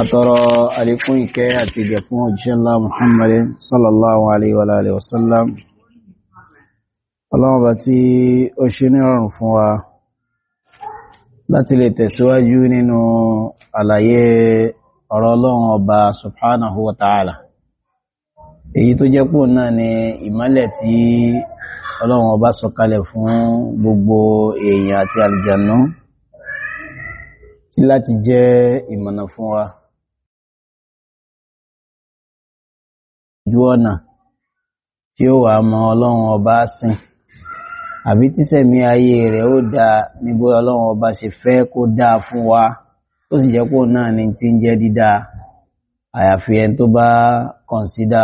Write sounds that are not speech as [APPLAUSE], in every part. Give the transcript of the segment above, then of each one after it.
àtọrọ àlékún ìkẹ́ àti ìgẹ̀ fún òjíṣẹ́lá muhammadin sallallahu alaihi wa alihi wasallam ọlọ́wọ́n bá tí ó ṣe ní rọrùn fún wa láti lè tẹ̀síwájú nínú àlàyé ọ̀rọ̀ ọlọ́run ọba subhanahu wa ta'ala èyí tó jẹ́ náà ni ìmọ́lẹ̀ tí ọlọ́run ọba sọ̀kalẹ̀ fún gbogbo èèyàn àti àlìjànú sí láti jẹ́ ìmọ̀nà fún wa ojú ọ̀nà tí ó wà mọ ọlọ́run ọba sìn àbí tíṣẹ̀mí ayé rẹ̀ ó dáa níbo ọlọ́run ọba ṣe fẹ́ kó dáa fún wa ó sì jẹ́ pò náà ni ti ń jẹ́ dídáa àyàfi ẹni tó bá kọ̀ǹsídà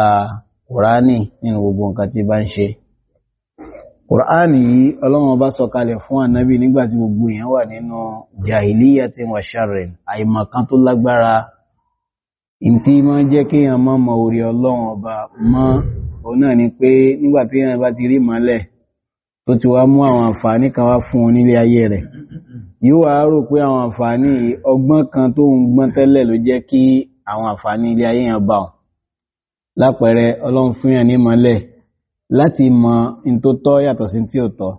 kùránì nínú gbogbo nǹkan tí bá ń ṣe. Qur'an yìí ọlọ́run ọba sọ̀kalẹ̀ fún ànábì nígbà tí gbogbo èèyàn wà nínú jahiliya ti wà sharrin àìmọ̀kan tó lágbára ìtí máa ń jẹ́ kéèyàn máa mọ orí ọlọ́run ọba mọ́ òun náà ni pé nígbà tí èèyàn bá ti rí mọ́lẹ̀ tó ti wá mú àwọn àǹfààní kan wá fún un nílé ayé rẹ̀ yóò wá rò pé àwọn àǹfààní ọgbọ́n kan tó ń gbọ́n tẹ́lẹ̀ ló jẹ́ kí àwọn àǹfààní ilé ayé yẹn bá òun lápẹẹrẹ ọlọ́run fún yàn ní mọ́lẹ̀ láti mọ ní tó tọ́ yàtọ̀ sí tí ò tọ́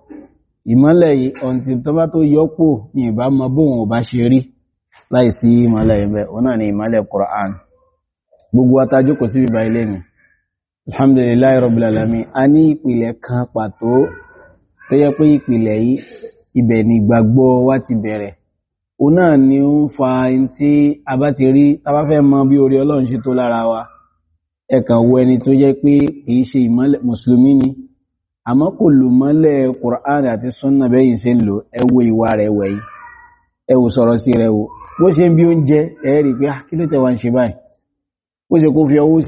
ìmọ́lẹ̀ yìí ọ̀ǹtì tó bá tó yọ́pò ní ìbá mọ bóun ò bá ṣe rí láì sí ìmọ́lẹ̀ ibẹ̀ òun náà ni ìmọ́lẹ̀ Qur'an gbogbo atajú kò síbi bá ilé mi alhamdulilayi rabbil alamin a ní ìpìlẹ̀ kan pàtó tó yẹ pé ìpìlẹ̀ yìí ibẹ̀ ni ìgbàgbọ́ wa ti bẹ̀rẹ̀ òun náà ni ó ń fa ẹni tí a bá ti rí tá a bá fẹ́ mọ bí orí Ọlọ́run ṣe tó lára wa ẹ kàn wo ẹni tó jẹ́ pé kìí ṣe ìmọ́lẹ̀ mùsùlùmí ni àmọ́ kò lò mọ́lẹ̀ Qur'an àti sunna bẹ́yìn ṣe ń lò ẹ wo ìwà rẹ̀ wẹ̀ yìí ẹ wò sọ̀rọ̀ sí rẹ̀ wò bó ṣe ń bí oúnjẹ ẹ rí pé ah, kí ló ń ṣe báyìí bó ṣe kó fi ọwọ́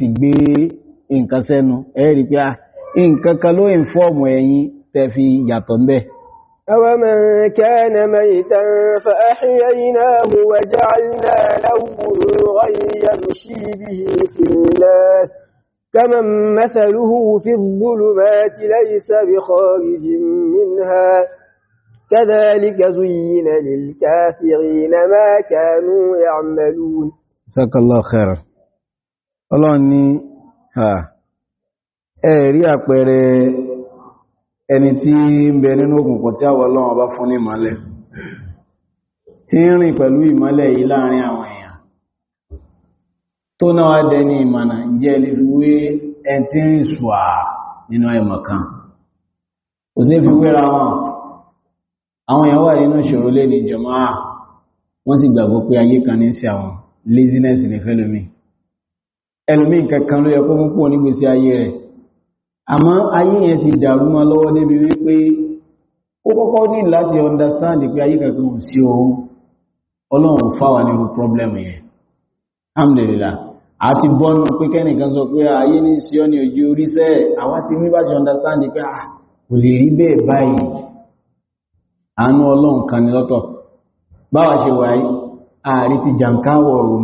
أَوَمَنْ كَانَ مَيْتًا فَأَحْيَيْنَاهُ وَجَعَلْنَا لَهُ نُورًا يَمْشِي بِهِ فِي النَّاسِ كَمَنْ مَثَلُهُ فِي الظُّلُمَاتِ لَيْسَ بِخَارِجٍ مِنْهَا كَذَلِكَ زُيِّنَ لِلْكَافِرِينَ مَا كَانُوا يَعْمَلُونَ جزاك الله خيرا ọlọ́run ها ẹ̀rí àpẹẹrẹ ẹni tí ń bẹ nínú òkùnkùn tí àwọ̀ ọlọ́run bá fún ní ìmọ́lẹ̀ tí ń rìn pẹ̀lú ìmọ́lẹ̀ yìí láàrin àwọn èèyàn tó náwà dẹ ní ìmọ̀nà ìjẹ́ ilé fi wé ẹ tí ń ṣùà nínú ẹmọ̀ kan kò sí nínú ìṣòro kan àmọ́ ayé yẹn ti dàrú ma lọ́wọ́ débi wípé ó kọ́kọ́ ní láti understand pé ayé kankan ò sí ohun ọlọ́run fáwà nínú problem yẹn alhamdulillah àti bọ́nù pé kẹ́nìkan sọ pé ah, ayé ní sí ọ́ ní ojú oríṣẹ́ àwa ti ní bá understand pé à ah, kò lè rí bẹ́ẹ̀ báyìí àánú ọlọ́run kan ní lọ́tọ̀ báwa ṣe wáyé ààrí ti jàǹkáwọ̀ ọ̀rùn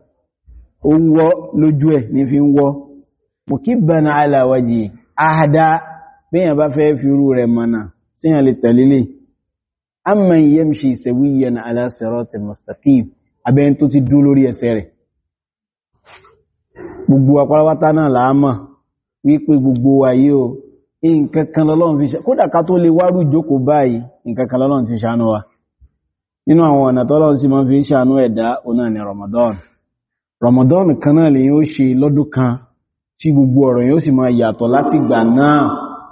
ó ń wọ́ lójú ẹ̀ ní fi ń wọ́ mùkíbàna aláwájì àhàdá bíyàn bá fẹ́ fi rú rẹ̀ mọ̀nà síyàn lè tẹ̀lélé amma yamshi sawiyan ala siratin mustaqim ti gbogbo o nǹkan kan lọ́lọ́run fi ṣàánú kódà ká nínú àwọn ọ̀nà tọ́lọ́run máa Ramadan kan náà lèyìn ó ṣe lọ́dún kan tí gbogbo ọ̀rọ̀ yóò sì máa yàtọ̀ láti ìgbà náà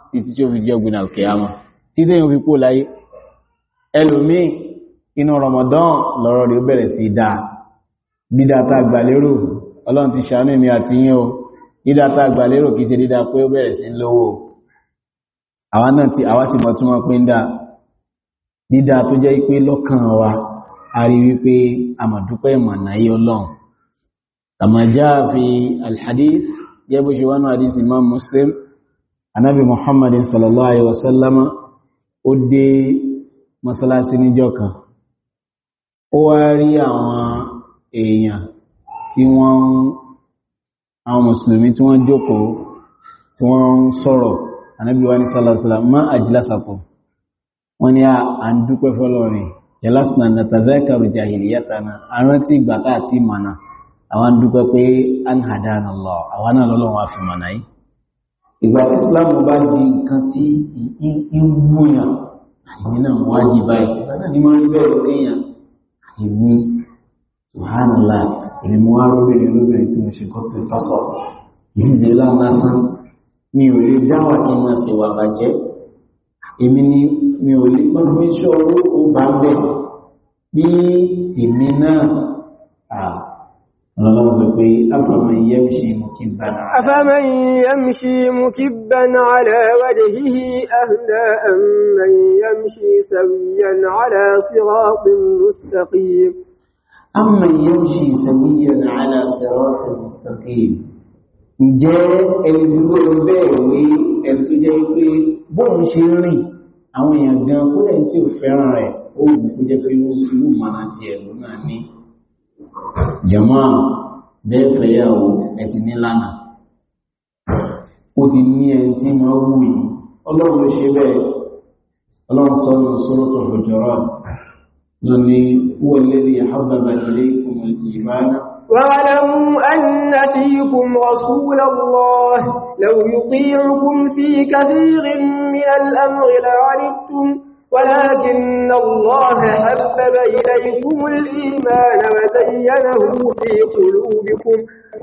títí tí ó fi jẹ́ ògbìn alkiyama títí yóò fi kó láyé ẹlòmíì inú Ramadan lọ́rọ̀ rẹ̀ ó bẹ̀rẹ̀ sí dáa dídáta àgbàlérò ọlọ́run ti ṣàánú mi àti yín o dídáta àgbàlérò kìí ṣe dídá pé ó bẹ̀rẹ̀ sí lówó àwa náà ti àwa ti mọ̀ tí wọ́n pín dá dídá tó jẹ́ pé lọ́kàn wa a rí wípé àmọ̀dúpẹ́ ìmọ̀nà yí ọlọ́run كما جاء في الحديث جابوا شوانو حديث Imam Muslim, النبي محمد sallallahu الله عليه وسلم أدي masalasi ní jọ́ka ó wá rí àwọn èèyàn tí wọ́n àwọn mùsùlùmí tí wọ́n jókòó tí wọ́n ń sọ̀rọ̀ Ànábì wa ní sálàsálà má àjílásàpọ̀ wọ́n ní à ń dúpẹ́ fọ́lọ́rin jalasna àwọn dúpẹ́ pé an hadana Allah àwọn náà lọ́lọ́run wá fi mọ̀nà yìí ìgbà tí Islam bá di nǹkan tí ìwúyàn àìní náà wá jì báyìí ni wọ́n rí bẹ́ẹ̀ kéèyàn àìní subhanallah èmi mo wá róbìnrin olóbìnrin tí mo mi ò lè dáwà kí ni mi ó bá bẹ̀ bí èmi أفمن يمشي مكبا على وجهه أهدى أم من يمشي سويا على صراط مستقيم أمن يمشي سويا على صراط مستقيم jẹ́ ẹni tí ó lọ bẹ́ẹ̀ wé ẹni tó jẹ́ pé bóòrùn ṣe rìn àwọn èèyàn gan kó lẹ́yìn tí ò fẹ́ràn rẹ̀ ó wù kó jẹ́ pé inú mara ti ẹ̀lú náà ní jama bẹ́ẹ̀ fẹ́yàwó ẹ̀tì ní lánà ó ti ní ẹni tí ma wù yìí ọlọ́run ṣe bẹ́ẹ̀ ọlọ́run sọ́nà suratul Hujurat lónìí wọ́n lè rí àbàbà ilaykum al-iman واعلموا أن فيكم رسول الله لو يطيعكم في كثير من الأمر لعنتم ولكن الله حبب إليكم الإيمان وزينه في قلوبكم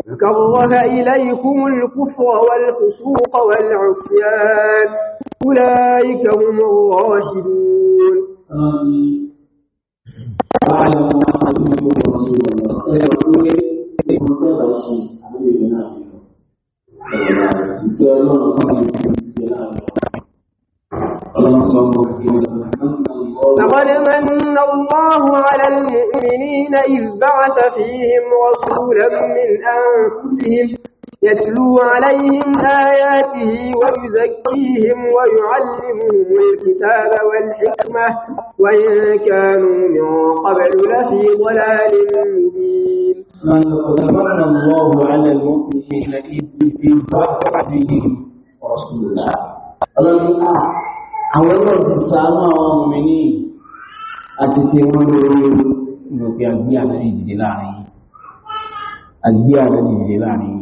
وكره إليكم الكفر والفسوق والعصيان أولئك هم الراشدون آمين رسول الله لقد من الله على المؤمنين إذ بعث فيهم رسولا من أنفسهم يتلو عليهم آياته ويزكيهم ويعلمهم الكتاب والحكمة وإن كانوا من قبل لفي ضلال مبين لقد من الله على المؤمنين إذ بعث فيهم رسولا àwọn ọlọ́run ti sàánú àwọn ọmọ ní àti tí wọ́n lórí ìlò pé àgbé àdáyé ìdìdè láàrin àgbé àdáyé ìdìdè láàrin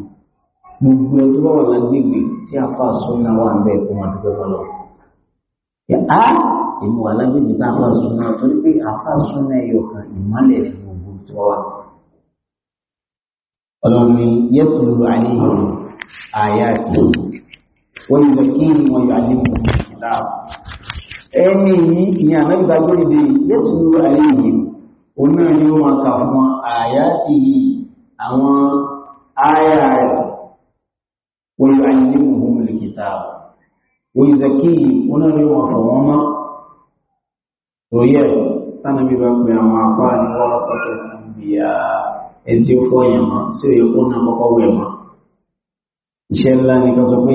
gbogbo ẹni tó wà lágbègbè tí a fà súnà wà ń bẹ́ẹ̀ fún àdúgbò lọ. Yàrá ìmú a fà a fà súnà ẹyọ kan ìmọ̀lẹ̀ gbogbo tó wà. Ọlọ́run ni yẹ́tùlù àlẹ́ ìhòòhò àyà àti wọ́n yọ kí wọ́n ẹni yìí ìyàn mẹ́gbà gbóríde lóṣù ayé yìí o náà ni ó máa kà fún àyá ti àwọn àyà rẹ̀ wọ́n ayé mọ̀hún mìlìkìtà wọ́n ìzẹ̀kí o náà ni ó máa fọ̀wọ́n mọ́ lóyẹ̀ tánàbí bá pẹ àwọn apá ní wọ́lọ́pọ̀tọ̀ fún bí i ẹni tí ó fọ́yàn mọ́ ni kan sọ pé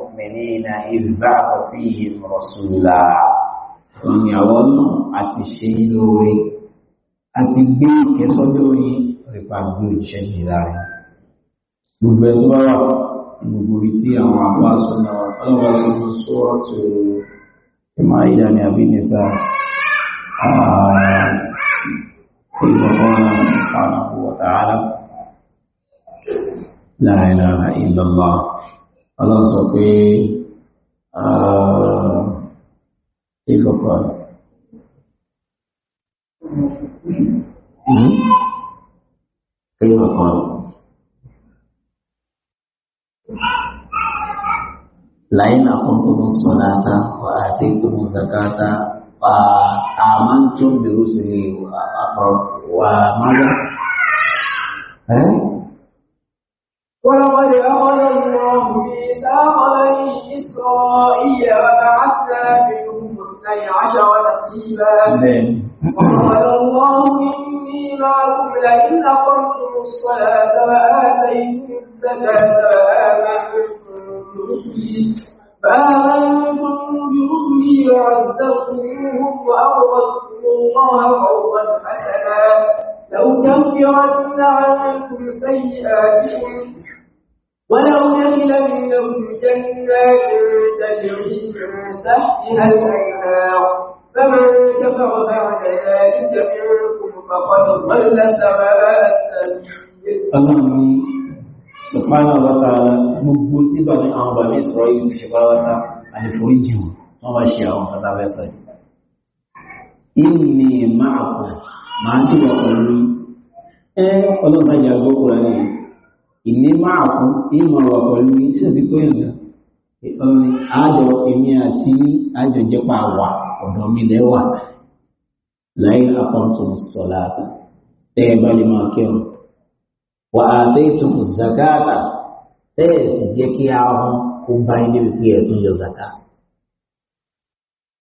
المؤمنين إذ بعث فيهم رسولا wọ́n ní àwọn náà àti ṣe yí lóore àti gbé ìkẹsọ́jọ́ yín nípa gbé ìṣẹ́ ìlà rẹ̀ gbogbo ẹ̀ tó bá wà gbogbo ibi tí àwọn àbá sọ̀nà ọlọ́wà sọ̀nà tó ìmọ̀ ọlọ́run sọ pé ìkọ̀kọ̀ ìkọ̀kọ̀ لئن أقمتم الصلاة وآتيتم الزكاة وآمنتم برسلي وماذا؟ ولقد أخذ الله وكتبنا بني إسرائيل وبعثنا منهم اثني عشر نقيبا وقال الله إني معكم لئن أقمتم الصلاة وآتيتم الزكاة وآمنتم برسلي فآمنتم برسلي وعزرتموهم وأقرضتم الله قرضا حسنا لو لأكفرن عنكم سيئاتكم ولو جمل منهم جنات تجري من تحتها الأنهار فمن كفر بعد ذلك منكم فقد ضل سواء السبيل Subhanahu wa ta'ala gbogbo tí bá ní àwọn bàbí ìsọ̀rọ̀ ìlú ṣe bá wáta àìforí jìun wọ́n bá ṣe àwọn ọ̀tá lẹ́sọ̀ ìní máa pọ̀ máa jùlọ pẹ̀lú ẹ́ ọlọ́pàá ìyàgbókùnrin ìní máa fún ìmọ̀ràn pẹ̀lú ní sísí pé ìrìn ìkọrin àjọ èmi àti àjọjẹpa wà ọ̀dọ̀ mi lẹ́wà láì àkọ́tún sọ̀lá tẹ́ ẹ bá lè máa kírun wà á tẹ́ ìtukù zakata tẹ́ ẹ sì jẹ́ kí ahọ́n kó bá ilé wípé ẹ̀sùn yọ zaka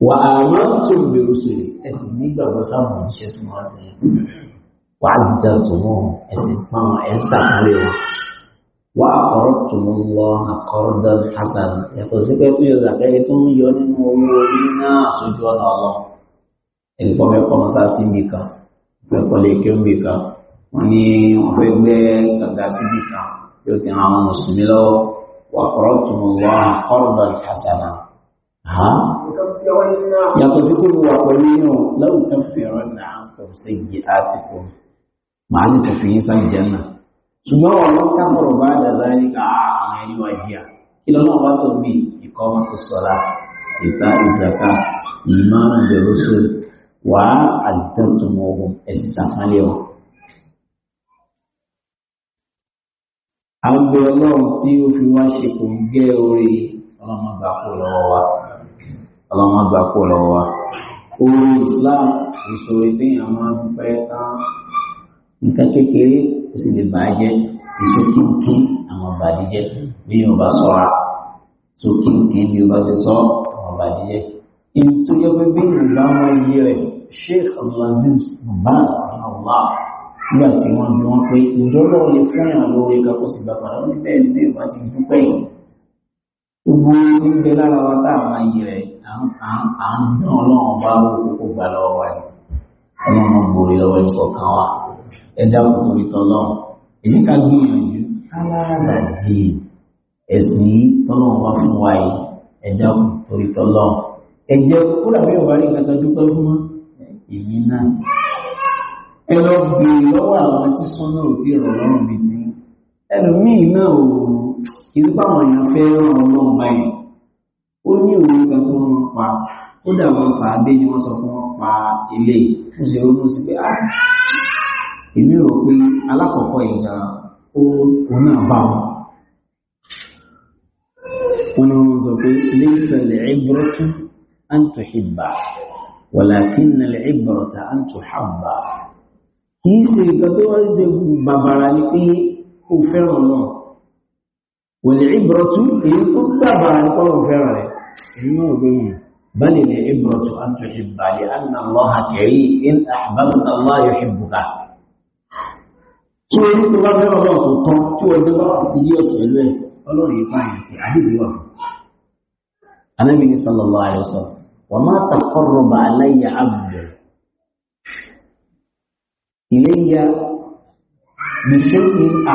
wà á máa tún bẹ̀rù sèré ẹ nígbàgbọ́ sáwọn òjíṣẹ́ tó máa ń sẹ́yìn wà á dìjà tó mọ́ ẹ sì pọ́n ń sàkálẹ̀ wọn wà àkọ́rọ̀tùmù lọ àkọ́rọ̀dà hasan yàtọ̀ sí pé tó yọ zàkẹ́yẹ tó ń yọ nínú owó orí náà sójú ọ̀nà ọ̀lọ́ ẹ̀dùkọ́ mẹ́kọ́ mọ́sá sí ibì kan mẹ́kọ́ lè kí ibì kan wọ́n ní wọ́n fẹ́ gàgà sí ibì kan tí ti ran àwọn mùsùlùmí lọ́wọ́ wà àkọ́rọ̀tùmù lọ àkọ́rọ̀dà hasan yàtọ̀ sí pé wà pẹ̀lú inú lẹ́wọ̀n kan náà kò sí yìí á màá sì tẹ̀fì yín náà ṣùgbọ́n wọn lọ káfọ̀rọ̀ bá dàda ní ká ah, àwọn ẹni wà díà kí lọ́nà bá tó bí ìkọ́ wọn tó sọ̀rọ̀ ìta ìzàká ìmọ̀ ìbẹ̀rù sí wà á àdìsẹ́ tó mọ ogun ẹ̀sìn sàmálẹ̀ wọn. àgbẹ̀ ọlọ́run tí ó fi wá ṣe kò gẹ́ orí ọlọ́mọgbàpò lọ́wọ́ wa lọ́wọ́ wa orí Islam ìṣòro ìdíyàn máa ń pẹ́ tán nǹkan kékeré ó sì lè bàá jẹ́ ìsókínkín àwọn ọ̀bàdíjẹ́ bí yóò bá sọ́ra sókínkín bí yóò bá ti sọ àwọn ọ̀bàdíjẹ́. ibi tó yẹ pé bí yóò bá wọn yí rẹ̀ Sheikh Abdulaziz Baz Allah nígbà tí wọ́n bí wọ́n pé ìjọlọ́ lè fún ìrìn àwọn orí kakó sì bá padà wọ́n bẹ́ẹ̀ ní ìwà ti dúpẹ́ yìí. gbogbo ní bẹ lára wa tá àwọn ayé rẹ̀ à ń dán ọlọ́run bá wọ́n kókó gbà lọ́wọ́ wa yìí ọlọ́run gbòòrè lọ́wọ́ ìfọ̀kan wa ẹ̀dá òkú ìtọ́lọ́ èyí ká gbìyànjú kálára di ẹ̀sìn yìí tọ́lọ́ wá fún wa yìí ẹ̀dá òkú ìtọ́lọ́ ẹ̀jẹ̀ kúrà bí ọ̀wárí kankan dúpẹ́ fún wọn èyí náà ẹ lọ béèrè lọ́wọ́ àwọn tí súnmọ́ ò tí ọ̀rọ̀ lọ́rùn mi ti ẹlòmíì náà ò irú báwọn èèyàn fẹ́ ràn ọlọ́run báyìí ó ní òwe kan tó wọn pa ó dàbọ̀ sàádé ni wọ́n sọ fún wọn pa ilé ìfúnṣe ó ló sì pé ah èmi rò pé alákọ̀ọ́kọ́ ìgbà òun náà bá wọn wọn ni wọn sọ pé laysa al-ibratu an tuhibba walakinna al-ibrata an tuhabba kì í ṣe nǹkan tó wọ́n jẹ bàbàrà ni pé ó fẹ́ràn náà wal-ibratu èyí tó bàbàrà ni kọ́ fẹ́ràn rẹ̀ èmi náà gbé yìí بل العبرة أن تحب لأن الله كريم إن أحببت الله يحبك tí wọ́n ní bá fẹ́ ọlọ́run kò tán tí wọ́n dé bá wà sí yí ọ̀sẹ̀ lẹ́ ọlọ́run yìí pààyàn ti àdìsí wà fún. sallallahu alaihi wa ma taqarraba alayya abdi ilayya bi shay'in kò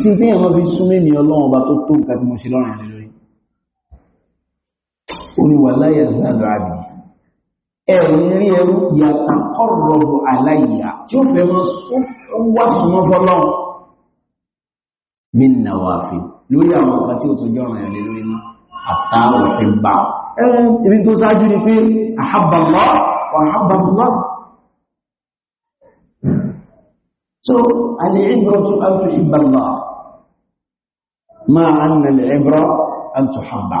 sí bí ẹ̀wọ́n fi súnmọ́ ní ọlọ́run ọba tó tó nǹkan tí mo ṣe lórí. ẹ̀yìn rí ẹrú ìyàtà ọ̀rọ̀bù aláìyà tí ó fẹ́ mọ́ wá súnmọ́ fọ́lọ́ mínà wà fi lórí àwọn ọ̀pá tí ó tó jọ ọ̀rọ̀ ẹ̀lẹ́ lórí àtàwọn òfin bá ẹ̀rùn ibi tó sáájú ni pé àhábàmọ́ àhábàmọ́ so al-ibratu an tuhibba Allah ma anna al-ibratu an tuhabba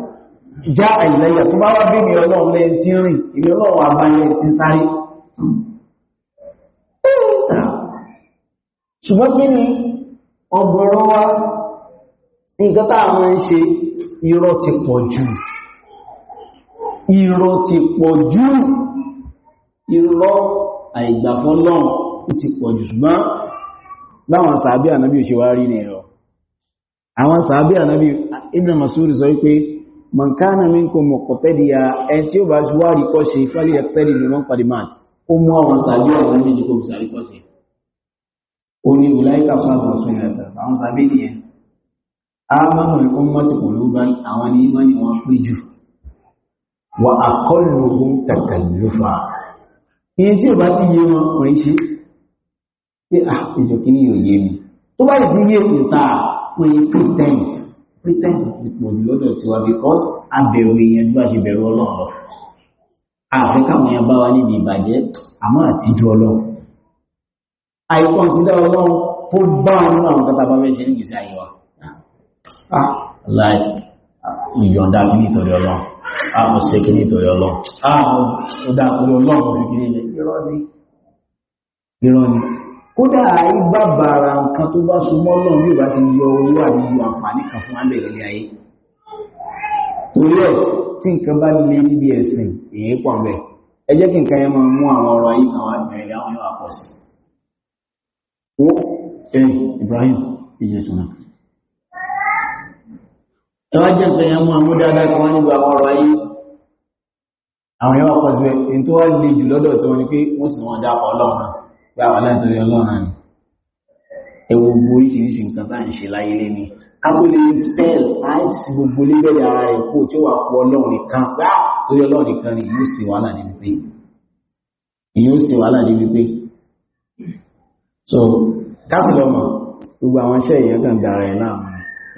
já àìlẹ́yà tó bá wá bí mi ọlọ́run lẹ́yìn tí rìn ìmì ọlọ́run àbáyẹ ti sáré ṣùgbọ́n kí ni ọgbọ̀rọ̀ wá nǹkan àwọn ń ṣe irọ́ ti pọ̀ jù irọ́ ti pọ̀ jù irọ́ àìgbàfọ́lọ́run ti pọ̀ jù ṣùgbọ́n láwọn sàábí ànábí ò ṣe wá rí man kana minkum muqtadiya en tí ó bá zuwa ri ko se fali ya tari ni man qadiman ó mú àwọn sabi àwọn ni ko sari ko se oni ulaika sabu sunnasa àwọn sabi ni amanu al ummati quluban àwọn ni imani wọn piju wa aqalluhum takallufa en tí ó bá ti yé wọn ko ise pe ah ijo kini yo yé mi tó bá yé ti yé ta ko pretend pretense ti pọ̀ jù lọ́dọ̀ tiwa because abẹ̀rù èèyàn bí wàá ṣe bẹ̀rù ọlọ́run lọ. àfẹ́ káwọn èèyàn bá wa níbi ìbàjẹ́ àmọ́ àtijọ́ ọlọ́run. àìkọ́ ìsìndá ọlọ́run tó bá wọn nínú àwọn kátà bá fẹ́ ṣe nígbèsí ayé wa. láì ìyọ̀ǹda mi nítorí ọlọ́run a mọ̀ sí kí nítorí ọlọ́run a mọ̀ ọ̀dà àkúrò ọlọ́run fi kiri kódà ìgbà bàrà nǹkan tó bá so mọ́ náà yóò bá ti yọ owó àdúgbò àǹfààní kan fún alẹ́ ìrìn ayé torí ẹ̀ tí nǹkan bá lé níbi ẹ̀sìn èyí pọ̀ bẹ́ẹ̀ ẹ jẹ́ kí nǹkan yẹn máa mú àwọn ọ̀rọ̀ ayé kan wá bẹ̀rẹ̀ àwọn yóò pọ̀ sí Ibrahim ìjẹsùn náà ẹ wá jẹ́ nǹkan yẹn mú àwọn dáadáa kan wá níbi àwọn ọ̀rọ̀ ayé àwọn yóò pọ̀ sí ẹ̀ èyí tó wá le jù lọ́dọ̀ tí wọ́n ní pé wọ́n sì wọ́n dá ọlọ́run pé àwọn aláṣẹrí ọlọ́run ni ẹwọ gbogbo oríṣiríṣi nǹkan bá ń ṣe láyé lẹ́ni kápólé spell láìsí gbogbo lébẹ̀rẹ̀ ara rẹ̀ kó tí ó wà pọ̀ ọlọ́run nìkan gbá torí ọlọ́run nìkan ni yóò sì wàhálà níbi pé yóò sì wàhálà níbi pé so kásìlọ́mọ̀ gbogbo àwọn iṣẹ́ èèyàn kan dára ẹ̀ láàmú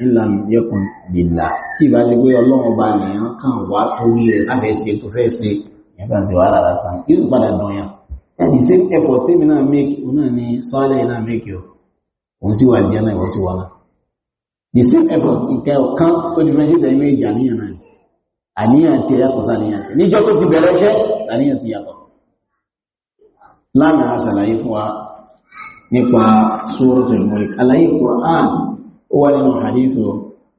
ńlá yẹkùn bìlà tí ìbá ti pé ọlọ́run ọba nìyàn kan wá torí rẹ̀ sábẹ́ ṣe tó fẹ́ ṣe ìyẹn kan ti wàhálà lásán yóò padà dán yàn ẹni sí ẹ̀kọ́ tèmi náà make òun náà ni sọ́ọ́lẹ̀ náà make yọ òun sì wà ní ẹ̀nà ìwọ́sí wa náà the same effort nǹkan ọ̀kan tó di méjì tẹ̀lé méjì àníyàn náà àníyàn ti yàtọ̀ sáníyàn ti níjọ́ tó ti bẹ̀rẹ̀ iṣẹ́ àníyàn ti yàtọ̀ lánàá ṣàlàyé fún wa nípa Suratul Mulk àlàyé Qur'an ó wà nínú hadithu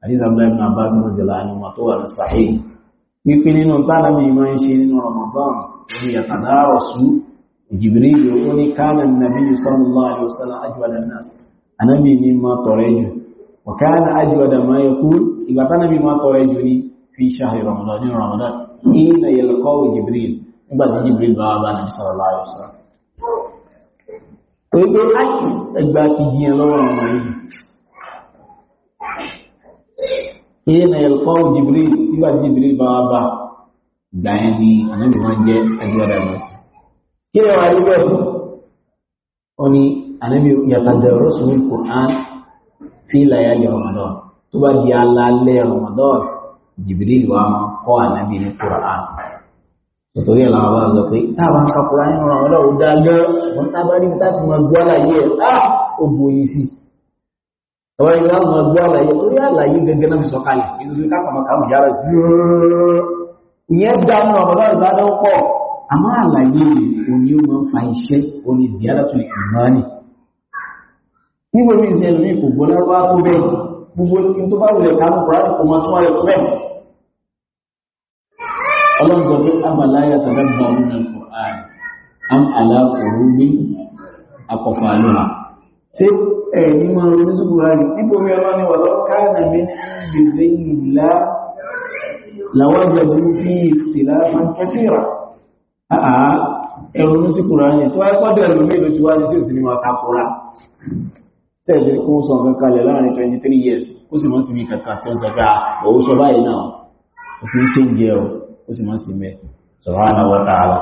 hadith Abdullahi ibn Abbas radiyallahu anhu tó wà ní sahih wípé nínú tánàbí máa ń ṣe nínú Ramadan orí yàtàdárọ̀ sùn Jibril ó ní kana an-nabiy sallallahu alaihi wasallam ajwada an-nas ànábì ní ma tọrẹ jù wa kana ajwada ma yakun ìgbà tánábì ma tọrẹ jù ní fi shahri ramadan ní ramadan ina yalqaw Jibril nígbà tí Jibril bá wà bá nàbí sallallahu alaihi wasallam pé áìkì ẹgbà ti jiyàn lọ́wọ́ àwọn yìí ìyẹnà kí ni wà níbẹ̀ fún ọ ni ànábì yàtàdàrọ́sù ní Qur'an fi layali Ramadan tó bá di alálẹ̀ Ramadan Jibril wà kọ́ ànábì ní Qur'an nítorí ẹ̀ làwọn bá ń sọ pé táwa ń kakura nínú Ramadan ó dá lọ wọn tábà ní tá ti máa gbọ́ àlàyé ẹ̀ á ó bu oyin sí àwọn ìlú àwọn máa ìyẹn dá nínú Ramadan ìbádọ́ pọ̀ àmọ́ àlàyé òní ó máa ń fa iṣẹ́ òní ziyaratul imani nígbà orí ìṣẹ́ ìlú kò gbọ́ lárúbá tó bẹ́ẹ̀ gbogbo ní tó bá wùlẹ̀ kánú kùránù kò mọ̀ túnmọ̀ rẹ̀ tó bẹ́ẹ̀ ọlọ́run sọ pé abàláyà tàbí gbàmù náà kò ààrẹ am aláàkòrò bí akọ̀fà lóra ṣé ẹ̀ ní máa ronú sí kùránù nígbà orí ọlọ́run ni wà lọ́wọ́ káàdà mi ní ìgbèlè ìlà làwọn ìjọba fi ìtìlá máa ń Ah, ah, ẹ̀rùn sí kùránì tó ẹ́kọ́dẹ̀ ẹ̀rùn mélòó ti wá ní sí ìsinmi àtàkùrá tẹ́ẹ̀dẹ̀ kún sọ nǹkan kalẹ̀ láàrin 23 years ó sì mọ́ sí ní kàkà tí ó ń sọ́gbà owó sọ báyìí náà ó fi ń ṣe ń jẹ́ ọ ó sì mọ́ sí mẹ́ subhanahu wa ta'ala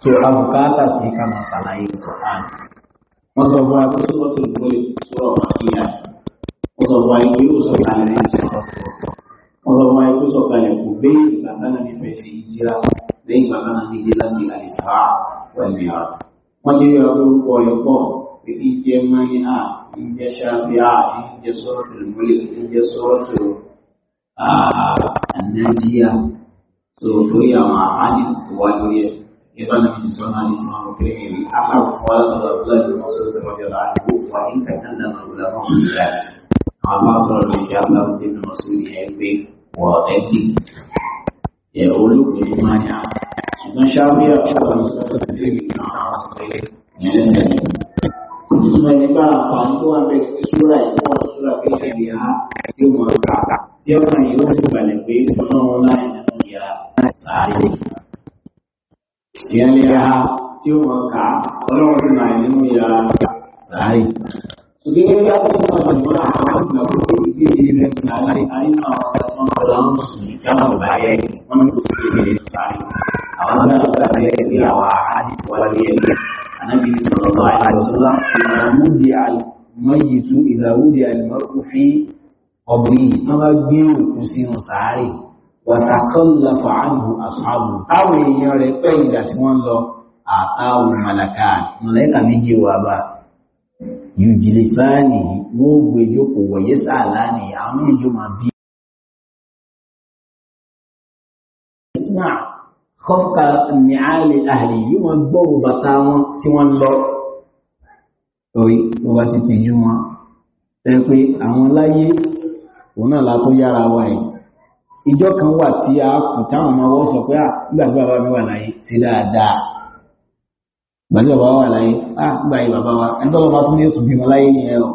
tó abùkátà sí ká máa ṣàlàyé Qur'an wọ́n sọ fún akó sí mọ́tò ìgbólé sọ́rọ̀ àkíyà wọ́n sọ fún ayé yóò sọ kalẹ̀ ní ìṣẹ́kọ̀ọ́ wọ́n sọ fún ayé tó sọ kalẹ̀ kò bẹ́ẹ̀ ìgbà náà nífẹ̀ẹ́ sí ìjírá lẹ́yìn bàbá náà ní ilé láti àìsà pẹ̀lú ìyàrá. Wọ́n ní ìyàrá tó kọ ẹ̀kọ́ pé kí jẹ́ mẹ́yà, kí jẹ́ ṣáàbíà, kí jẹ́ sọ́rọ̀ tìrìmọ́lẹ̀, kí jẹ́ sọ́rọ̀ tìrìmọ́lẹ̀. Ànájíà tó lórí àwọn àhádì tó wá lórí ẹ̀. Ìbá mi ti sọ́nà ní ti máa pè é àkàkọ́ alátọ̀dọ̀ ọ̀gbọ́dọ̀ ìmọ̀ sọ́dọ̀ ọ̀jọ̀lá àdúgbò fún àyíká ìdáná ọ̀gbọ̀dọ̀ ní ẹgbẹ́ wọ̀ ẹ́tì. من شافي أقوى Ìjọba ìgbà àǹfààní tó wà bẹ̀rẹ̀ pé súra ìjọba súra pé ẹ̀rí ha tí ó mọ̀ ká tí ó kàn yóò ti balẹ̀ pé ọlọ́run láì nínú ìyá sáré. Ìyẹn lè ha tí ó mọ̀ ká ọlọ́run sì máa nínú ìyá sáré. Sebenarnya aku cuma menolak awas nggak perlu itu di rencana ini awal orang jangan berbahaya menembus di rencana. Awal ada berbahaya di awal hadis wali ini. Nabi Sallallahu Alaihi Wasallam menamudi al mayitu ila tí wọ́n lọ atawu malakan malaika méjì wá bá yùjìlìsáàni wọ́n gbé jókòó wọ̀yé sàlání àwọn ìjọ máa bí ìsìnà kọ́fà ní àlè àlè yìí wọ́n gbọ́rù bàtà wọn tí wọ́n lọ orí ọba ti ti jú wọn ẹ pé àwọn láyé òun náà látó yára wà yìí ìjọ kan wà tí a kù táwọn ọmọ wọ́n sọ pé à ah, nígbàgbọ́ mi wà láyé sí dáadáa gbàdí bàbá wà láyé á ah, gbà yí bàbá wa ẹni tọ́lọ́ bá tún yóò tún bímọ láyé nìyẹn o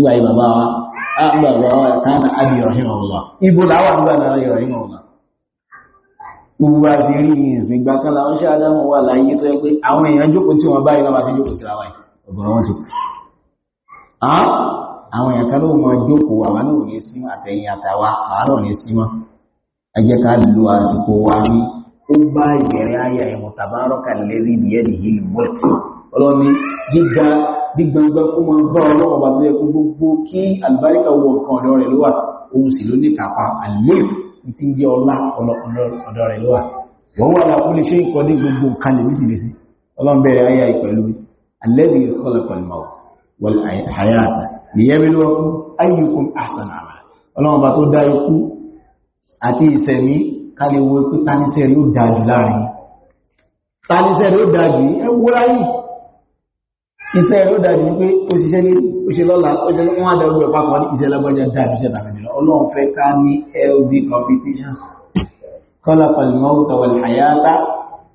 gbà yí bàbá wa á ah, gbà bàbá wa kàn án àbí ọ̀hìn ọ̀la ibo làwọn àgbà náà yọ ọ̀hìn ọ̀la gbogbo bá ti rí ìsìn gbà kan làwọn ṣe adámọ wà láyé tó yẹ pé àwọn èèyàn jókòó tí wọn báyìí lọ́wọ́ àti jókòó tí láwàá ọ̀gọ̀rọ̀ wọn ti kú ah, àwọn èèyàn kan ló mọ jókòó àwọn náà ò ní sí àtẹ̀yìn àtàwa àwọn ní sí mọ́ ẹ jẹ́ ká lo àsìkò wa ní ó bá ìbẹ̀rẹ̀ ayà ìmọ̀ tàbárọ́kà lẹ́rí ìdíyẹ́lì yìí mọ́lẹ̀kì ọlọ́ni gíga gbígbàgbà kó máa bá ọlọ́wọ́ bá bẹ́ẹ̀ kó gbogbo kí àlùbáríkà wọ nǹkan ọ̀dọ́ rẹ̀ lówà ohun sì ló ní kàpá àlùmọ́lù tí ń jẹ́ ọlá ọ̀dọ́ rẹ̀ lówà wọ́n wà lápú lè ṣe ìkọ́ ní gbogbo nǹkan lè ní tìlẹ́sí ọlọ́n bẹ̀rẹ̀ ayà ìpẹ̀lú alẹ́dì kọlọ̀kọlọ̀ wọl àyàtà nìyẹn bí lọ́kú ayyukum ahsan àmà ọlọ́wọ́n bá tó dá ikú àti ìsẹ̀mí kalẹ̀ wo pé tanisẹ̀ ló dájú láàrin tanisẹ̀ ló dájú ẹwúra yìí iṣẹ́ ló dájú pé ó ṣiṣẹ́ ní oṣe lọ́la ọjọ́ wọ́n adágbó ẹ̀ pápọ̀ ní iṣẹ́ lágbọ́jẹ́ competition kọ́lá palimọ́wù tàwọn àyáta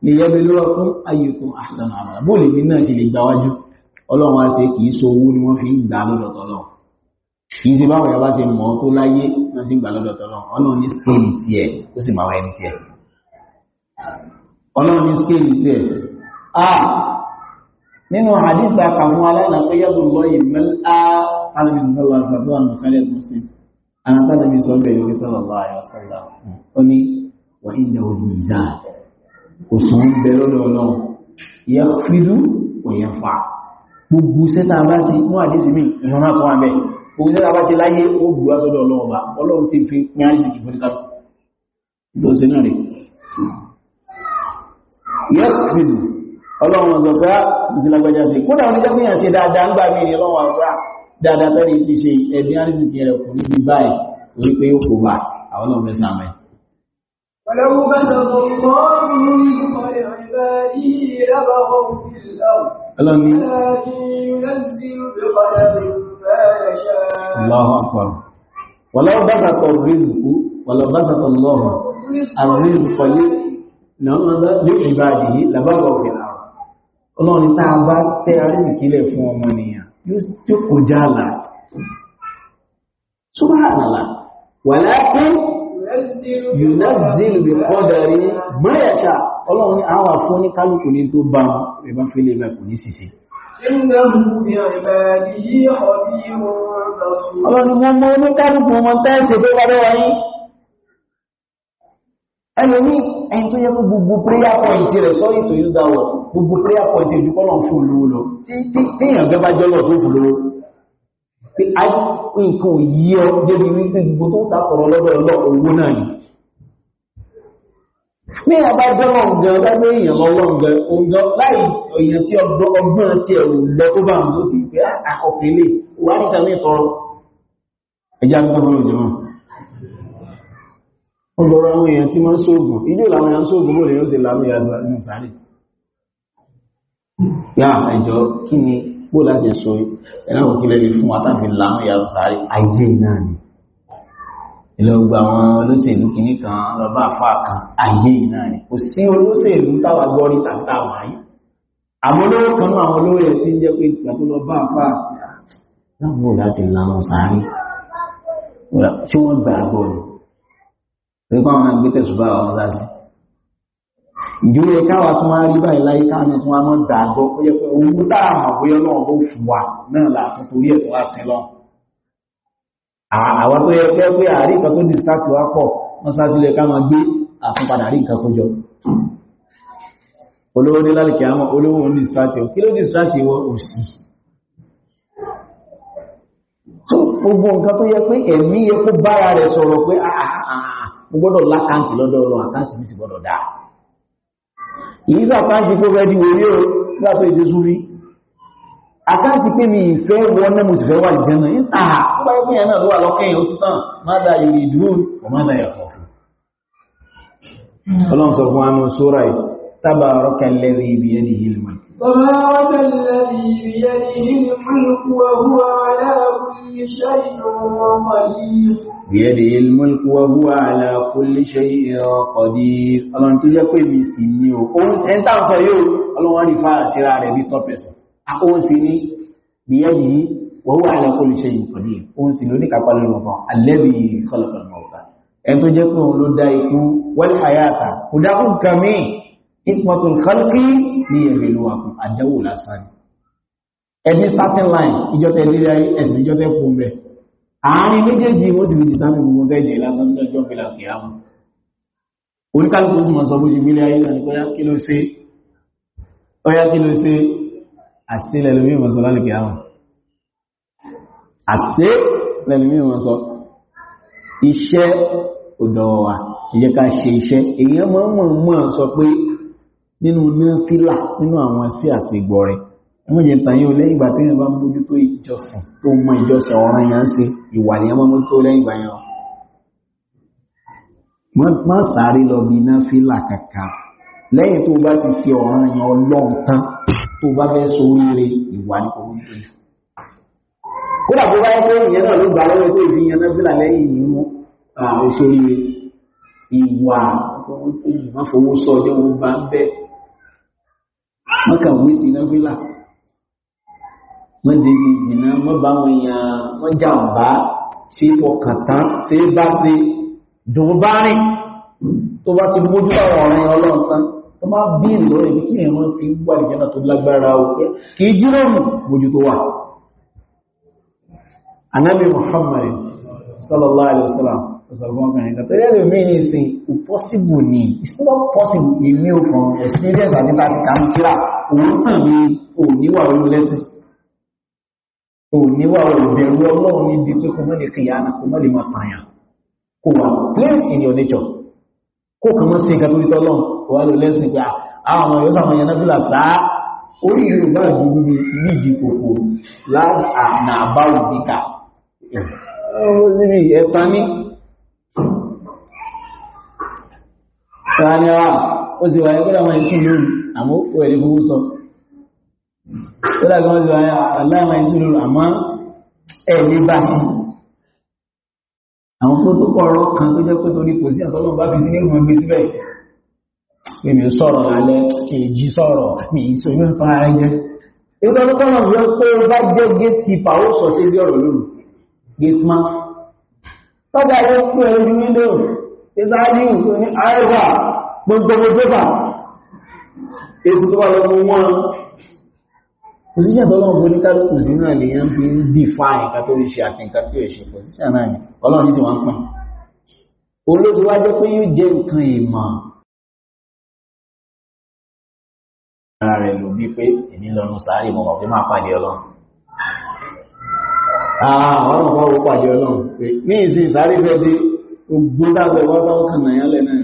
lè yẹ́bẹ̀ lọ́wọ́ fún ayyukum ahsan àmàlà bóòlì mi náà ṣe lè gbáwájú ọlọ́run ni wọ́n fi ń gbà kìí ṣe báwọn yàrá ṣe mọ̀ tó láyé wọ́n ti gbà lọ́dọ̀ tọ́lọ́ ọlọ́run ní skéèlì tiẹ̀ ó sì máa wọ ẹni tiẹ̀ ọlọ́run ní skéèlì tiẹ̀ a nínú àdìgbà kàwọn aláìlá pé yàgò a alábi sọ́lá sọ́lá àmì kálẹ̀ tó ṣe àwọn tálábi sọ bẹ̀rẹ̀ ní sọ́lá bá ayọ̀ sọ́lá ó ní wà ní ìjà òbí ìjà kò sùn bẹ òun náà bá ṣe láyé ó gbùwá sọ́dọ̀ ọlọ́run ọba ọlọ́run sì fi pín àìsìkì fún ìkàlù ló ṣe náà rí yẹ́sùfìlù ọlọ́run ọ̀sọ̀ pé ìtìlágbàjá ah, sí kódà wọn jẹ́ fíyàn sí dáadáa ń gbà mí ní ọlọ́run àgbà ah, dáadáa tẹ́lẹ̀ ti ṣe ẹ̀bí àìsìkì rẹ̀ kò ní bí báyìí torí pé ó kò wà àwọn ọlọ́run fẹ́ sàmẹ́ ولو بسط الله رزق لعباده لبغوا في الأرض ولكن ينزل بقدر Allahu akbar. Walau basata rizqu, walau basata Allah ar-rizqa li nàmọ́dá ní ìbáyìí làbábọ̀ fi àrùn. Ọlọ́run tá a bá tẹ́ àrísìkí lẹ̀ fún ọmọnìyàn yóò kọjá àlà. Subhanallah. Walakin yùnàzìlù bí kọ́dàrí mẹ́ẹ̀ṣà ọlọ́run àwọn àfún ní kálùkù ní tó bá Ọlọ́ni wọ́n mọ́ oníkálùkù wọn tẹ́ẹ̀sì tó wà lọ́wọ́ yí. Ẹlòmí, ẹni tó yẹ kó gbogbo prayer point rẹ̀ sorry to use that word, gbogbo prayer point rẹ̀ kọ́lọ̀ fún olówó lọ. Tí èèyàn gẹ́bá jẹ́ lọ tó fún olówó. Pé a nǹkan yí ọ débi wípé gbogbo tó sàkọ̀rọ̀ lọ́dọ̀ ọlọ́ ní ọba jọmọ ǹgan lábẹ èèyàn lọ́wọ́ ǹgan ọ̀gán láì èèyàn tí ọgbọ́n tí ẹ̀rù lọ tó bá ń ti pé àkọ̀pẹ̀lẹ̀ wà níta ní ìtọrọ ẹjá gbọ́gbọ́n ìjọmọ̀ ọgbọ̀rọ̀ àwọn èèyàn tí wọ́n sóògùn ilé ìlànà yàn sóògùn bó lè yóò sì lámú ìyàzọ̀ ní ìsáré yá ẹjọ́ kí ni bó láti sọ ẹ̀nà òkúlẹ̀ fún ìlọ́gbà àwọn olóṣèlú kìíní kan lọ́bá àfáà kan ayé ìná rẹ̀ kò sí olóṣèlú táwà gbọ́rí tàbí àwárí àwọn olówó kan náà àwọn olówó ẹ̀sìn jẹ́ pé ìgbà tó lọ́bá àfáà láwọn láti lànà sáré tí wọ́n gbà àgbọ̀ rẹ̀ pé káwọn náà gbé tẹ̀sùbá àwọn láti ìjọ yẹ àwọn tó yẹ kẹ́ pé àrí nǹkan tó distract wá pọ̀ wọ́n sásílẹ̀ ká máa gbé àfúnpadà rí nǹkan kójọ olówó ní lálẹ́kẹ̀ àmọ́ olówó ní distract wọ́n kí ló distract wọ́n ò sí tó gbogbo nǹkan tó yẹ pé ẹ̀mí yẹ kó bára rẹ̀ sọ̀rọ̀ pé ah, ah, ah, mo gbọ́dọ̀ lákáǹtì lọ́dọ̀ ọlọ́ àkáǹtì mi sì gbọ́dọ̀ dáa ìyíṣà fáǹtì tó fẹ́ di wòrí o nígbà tó ìṣesúrí àkáǹtì pé mi ìfẹ́ wọná mo sì fẹ́ wà ìjẹ́nà ń tó bá ẹgbẹ́ náà ló lọ́kẹ́yìn ó ti tàn má dá ìrì ìdúró ọmọ náà ẹ̀kọ́ ọlọ́run sọ fún àánú sóra ì tábà rọ́kẹ́ lẹ́rí ibi ẹni بيده الملك وهو على كل شيء قدير ní o òun sì ní bìyànjú yìí wọ́n wà alákòólù ṣe ìpàdé òun sì lóní kápá lórí ọkàn alẹ́bí kọlọ̀kọ̀ ọ̀gá ẹn tó jẹ́ pé òun ló dá ikú wal hayata kò dákú nǹkan míì ikmọ̀tún kọlùkì ní èrè ló wà fún àdẹ́wò lásán ẹni certain line ìjọta ìlera ẹ̀sìn ìjọta sì mọ̀ sọ bó ṣe mílẹ̀ ayé náà ní kí ló ṣe ọyá kí ló ṣe àṣẹ lẹ́lùmí mọ̀ sọ lálùkì àwọn àṣẹ lẹ́lùmí mọ̀ sọ iṣẹ́ òdọ̀wà ìjẹ́ ká ṣe iṣẹ́ èyàn mọ́ mọ̀ mọ́ sọ pé nínú náfílà nínú àwọn sí àṣegbọ̀ rẹ̀ wọ́n jẹ́ tàn yóò lẹ́yìn ìgbà tí wọ́n bá ń bójú tó bá ti ṣe ọ̀ràn yẹn ọlọ́run tó bá fẹ́ so oríire ìwà ní oríire kódà tó bá yẹ pé ìyẹn náà ló gbà lọ́wọ́ pé ìdí yẹn náà fìlà lẹ́yìn ìmú òṣòríire ìwà ìmọ̀ fowó sọ ọjọ́ wọn bá ń bẹ́ mọ́kà wí sí náà fìlà wọ́n dé ìjìnà wọ́n bá wọn yàn wọ́n jàǹbá ṣe ọkàn tán dùn bá rìn tó bá ti mójú àwọn ọ̀rẹ́ ọlọ́run tó máa bí ìlọ́ ibi kí ẹ̀mọ́ fi wà ìjẹ́nà tó lágbára ọ̀pẹ́ kì í jíròmù mojú tó wà anábi Muhammad sallallahu alaihi wasallam òníwà olùbẹ̀rù ọlọ́run níbi pé kò mọ́lẹ̀ kìyànà kò mọ́lẹ̀ máa pààyàn kò wà place in your nature kò kàn mọ́ sí ìgbàtòrítọ́ ọlọ́run wọ́n ló lẹ́sìn pé ah, àwọn ọmọ yóò sàmọ̀ yẹn náà sáà orí yorùbá ìdúró níbi kòkò láàrín àbá òbíkà ọ̀rọ̀ síbi ẹ̀ta ní sáàníwá ó sì wáyé kó dáwọn ẹ̀kí lórí àmọ́ ó ẹ̀lẹ́ gbogbo sọ ó dàgbà wọ́n sì wáyé àwọn tó tó kọ̀ ọ̀rọ̀ kan tó jẹ́ pé torí kò sí àtọ́lọ́ èmi sọ̀rọ̀ alẹ́ kèjì sọ̀rọ̀ mi ìṣòyí ń fara ẹjẹ́ ìgbàlùkọ́nà yọ pé bá jẹ́ gatekeeper ó sọ sí ọ̀rọ̀ lóòrùn gateman tọ́jà yóò pé ẹni nílò ìsáájú ìkú ní àìwà gbogbogbogbogbà èsì tó wà lọ́wọ́ wọn pòsíṣà tó lọ́wọ́ ní kálùkù sí náà lè yán fi ń define ká tó ṣe àti nǹkan tí ó ṣe pòsíṣà náà ni ọlọ́run ní ti wọ́n pọ̀ olóṣùwájọ́ pé yóò jẹ́ nǹkan ẹlòmí pé èmi lọ́nu sáré mọ̀ pé máa pàdé ọlọ́run ah, àwọn ọmọ ọmọ pàdé ọlọ́run pé ní ìsìn sáré fẹ́ dé ogun dáṣẹ wọ́tọ́ kànáyálẹ̀ náà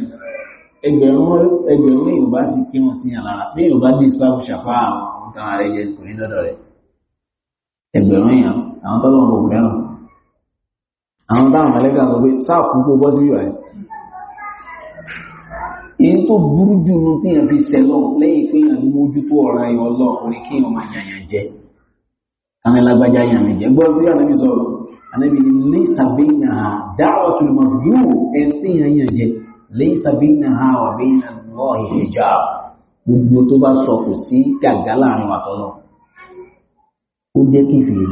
ẹgbẹ̀rún ẹgbẹ̀rún ìyọ̀bá sì kí wọ́n sí àlára bí ìyọ̀bá ní ìsáàbù ṣàfá àwọn kan rẹ̀ yẹ kò ní dọ́dọ̀ rẹ̀ ẹgbẹ̀rún èèyàn àwọn tọ́lọ́run kò fẹ́ràn àwọn táwọn mẹ́lẹ́gà sọ pé sáà fún gbogbo sí ìwà yìí èyí tó burú jù ní téèyàn fi sẹ́lọ̀ lẹ́yìn pé èèyàn ní mójú tó ọ̀rọ̀ ayọ̀ ọlọ́run ní kéèyàn máa yàyàn jẹ àwọn ẹlágbájá yàyàn jẹ gbọ́ bí ànábì sọ̀rọ̀ ànábì ní lẹ́sàbẹ́yìn àhà dáwọ̀ tó lè mọ̀ yóò ẹni téèyàn yàn jẹ lẹ́sàbẹ́yìn àhà ọ̀bẹ́ ìlànà ìjà gbogbo tó bá sọ kò sí gàgá láàrin wa tọ́lọ̀ ó jẹ́ kífìrí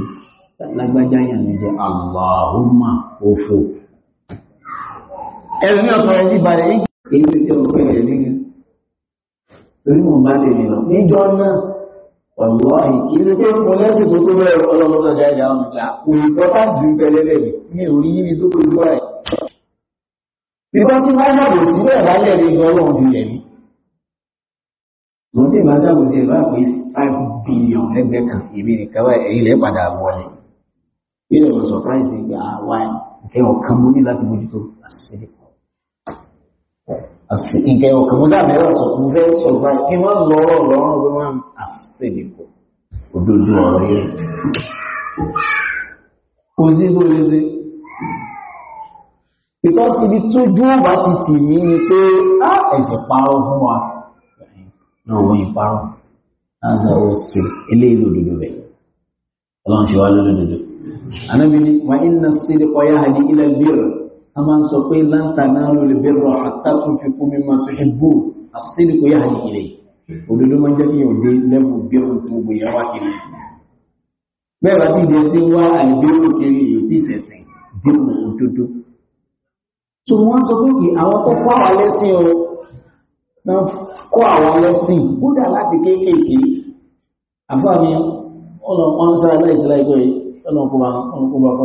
lágbájá yàyàn jẹ àlàhùmà òfò èyí tí ó pè é ní torí wọn bá lè nìyàn níjọ náà ọ̀lọ́ ìkí sí pé mo lẹ́sìn tó tó bẹ̀rẹ̀ ọlọ́mọdé ọjà ìjà ọmọ ìgbà òyìnbó bá jù tẹ́lẹ̀lẹ̀ ní orí yìí tó tó lúwà ẹ̀ ìgbà tí máa ṣàbò sí bẹ́ẹ̀ bá lẹ̀ ní ìgbà ọlọ́run ju lẹ̀ ní mo ti máa ṣàbò sí ìbá pé five billion lẹ́gbẹ́ kan èmi nìkan wá ẹ̀yìn lẹ́ padà wọlé nínú ìwọ̀n surprise ìgbà wa ẹ̀kẹ́ ọ̀kan mo ní láti mójútó àṣìṣe nǹkan ọ̀kan mo dábẹ́ ọ̀rọ̀ sọ mo fẹ́ sọ gba kí wọ́n lọ ọ̀rọ̀ lọ́rùn pé wọ́n á ṣe nìkan òdodo ọ̀rọ̀ yẹn kò sí kò lè ṣe because ibi tójú ọba ti tì mí ni pé á ẹ̀jẹ̀ parọ́ fún wa náà wọ́n yìí parọ́ láti ọwọ́ sí eléyìí lòdòdó bẹ̀ ọlọ́run ṣe wá lòdòdó anábìíní wà ní nà sílẹ̀ kọ́ yá hàn ní ilẹ̀ bírò a máa ń sọ pé láǹtàná ló lè bẹ̀rọ àtàtún fi kú mímọ̀ tó ẹgbò àṣírí kò yá àyè ilẹ̀ òdodo máa ń jẹ́ kí yàn dé lẹ́fù bí ọ̀hún tí gbogbo ìyá wá kiri bẹ́ẹ̀ bá sì jẹ́ tí wá àìbéèrò kiri èyí tí ìsẹ̀sìn bí ọ̀hún òdodo tó wọ́n sọ pé kí àwọn tó kọ́ àwọn lẹ́sìn o náà kọ́ àwọn lẹ́sìn búdà láti kéékèèké àbúrò mi ọlọ́pàá ń sọ aláìsíláìgbọ́ yìí ọlọ́pàá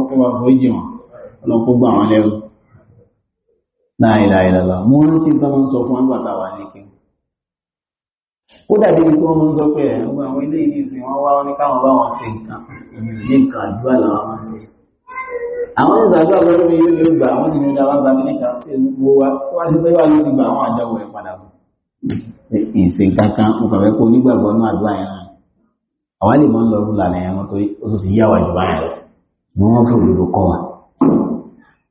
kọ́ bá fọ́ ìjìmọ̀ ọlọ́pàá gbà wọn lẹ́rù láìláìlàlá mo ń tí tán ń sọ fún àgbàtà wà ní kí ó dàbí ibi tó ń sọ pé ẹ̀gbọ́n àwọn ilé ìdí sí wọ́n wá ní káwọn bá wọn ṣe nǹkan ní nǹkan àdúrà làwọn máa ṣe àwọn ìṣàdúrà lọ́dún mi yóò lè gbà àwọn sì ní ọjà wọn gbàgbé níta ni wọ́n fòrò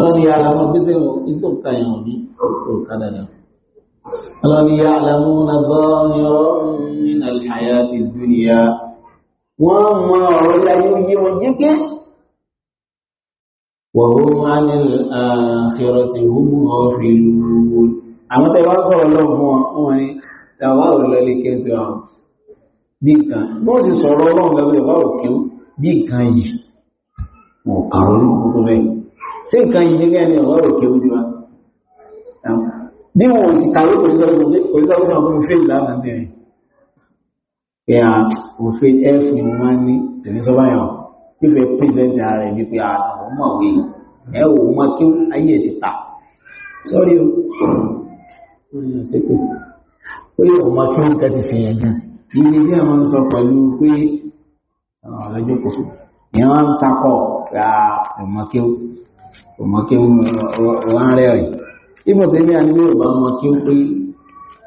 ọlọ́ni ya alamu gbẹ́sẹ̀ wọ ipò kàyàn ní òkàdà náà ọlọ́ni ya alamu na zọ́ọ̀ni ọ̀rọ̀ ní àlàyé ti dúnìyà wọ́n mọ ọ̀rọ̀ yáyé yé wọn jẹ́kẹ́ wọ̀hún máa ní àṣírọ̀ ti hùmù ọ̀fì lúwú àwọn tẹ́wà sọ̀rọ̀ lọ́wọ́ wọn ni tàwa ò lọ́lé kẹ́ntì ọ̀rọ̀ bí nǹkan wọ́n sì sọ̀rọ̀ ọlọ́run gẹ́gẹ́ bá òkè bí nǹkan yìí wọn kàrọ̀ lóko bẹ́ẹ̀ sí nǹkan yìí ní ọ̀rọ̀ òkè ojú wa bí wọn ò sì kàwé kò sọ pé wọn fún fèèlì lánàá bẹ̀rẹ̀ pé à òfin f ni mo máa ń ní tẹ̀lé sọ báyọ̀ fífẹ́ pírẹsẹ̀ntì ara ẹni pé àwọn mọ̀wé ẹ ò mọ kí ayé ti ta sọ́rí o ó yẹ ọmọ kí wọn kẹ́ ti sìn yẹn gan iye bí àwọn sọ pẹ̀lú pé ọ̀rọ̀ lọ́jọ́ kò ìyẹn wọn ń sakọ̀ ra ọmọ kí wọn ọmọ kí wọ́n rẹ́rìn ibùn tẹ́lẹ̀ àní yorùbá ọmọ kí ó pé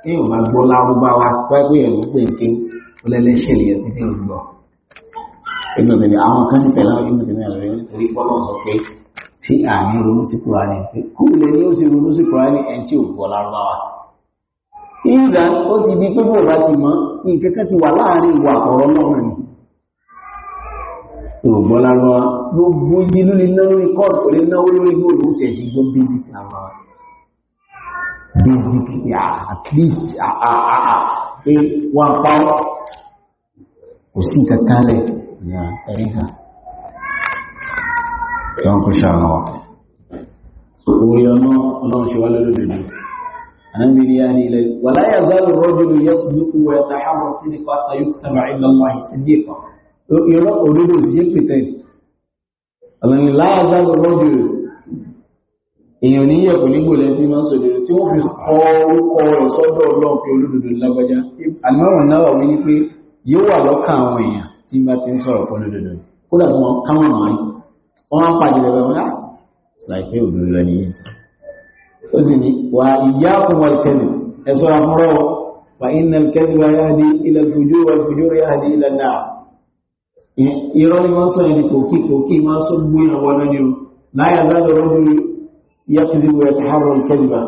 kí yorùbá gbọ́ lárúbáwá pẹ́pẹ́ yorùbá pé ń ké ọlẹ́lẹ́ṣẹ̀ lè ti dé ògbọ́ ibùn tẹ́lẹ̀ àwọn kan sì tẹ̀lé ibùn tẹ́lẹ̀ rẹ̀ torí bọ́lọ̀ sọ pé tí àní ronú sí kúránì pé kú lè ní ó sì ronú sí kúránì ẹni tí ò gbọ́ lárúbáwá ìyá ó ti di pé bó bá ti mọ́ nǹkan kan ti wà láàárín ìwà ọ̀rọ̀ náà nìyí ògbọ́ lára gbogbo inú lè ná lórí kọ́ọ̀sì lè náwó lórí góòlù ó tẹ̀sí gbọ́ basic àwọn basic at least pé wọ́n pa kò sí kankan ní ẹ̀ríkà tí wọ́n kò ṣàrán orí ọmọ ọlọ́run ṣe wá lọ́lọ́dọ̀dọ̀ anamiriya ni ilẹ̀ wàláyà zálù rọ́jùlù yẹ́sùn ní kúwẹ́ tàhámọ̀ sí ní kọ́ta yóò tàbí ilẹ̀ irọ́ òdodo sì yé pètẹ́ ọ̀lànà láàzá lọ́dọ̀ èèyàn ní yẹ̀ kò ní gbòlẹ̀ tí máa sọ̀dọ̀ tí wọ́n fi kọ orúkọ rẹ̀ sọ́dọ̀ ọlọ́run pé olódodo lágbájá àmọ́rùn náà wà ní pé yóò wà lọ́kàn àwọn èèyàn tí bá ti ń sọ̀rọ̀ pọ̀ lódodo kódà bí wọ́n ká mọ̀ wọ́n wọ́n á pàdé lọ́wọ́ wọn ah, ṣàìpé kadhiba yahdi ila al-fujur wal fujur yahdi ila an-nar irọ́ ni wọ́n sọ ẹni kòkí kòkí máa sọ gbé àwọn lọ́nà o láyà lọ́dọ̀ lọ́dún yàtúndì wẹ̀ tààrọ̀ ìkẹlìbà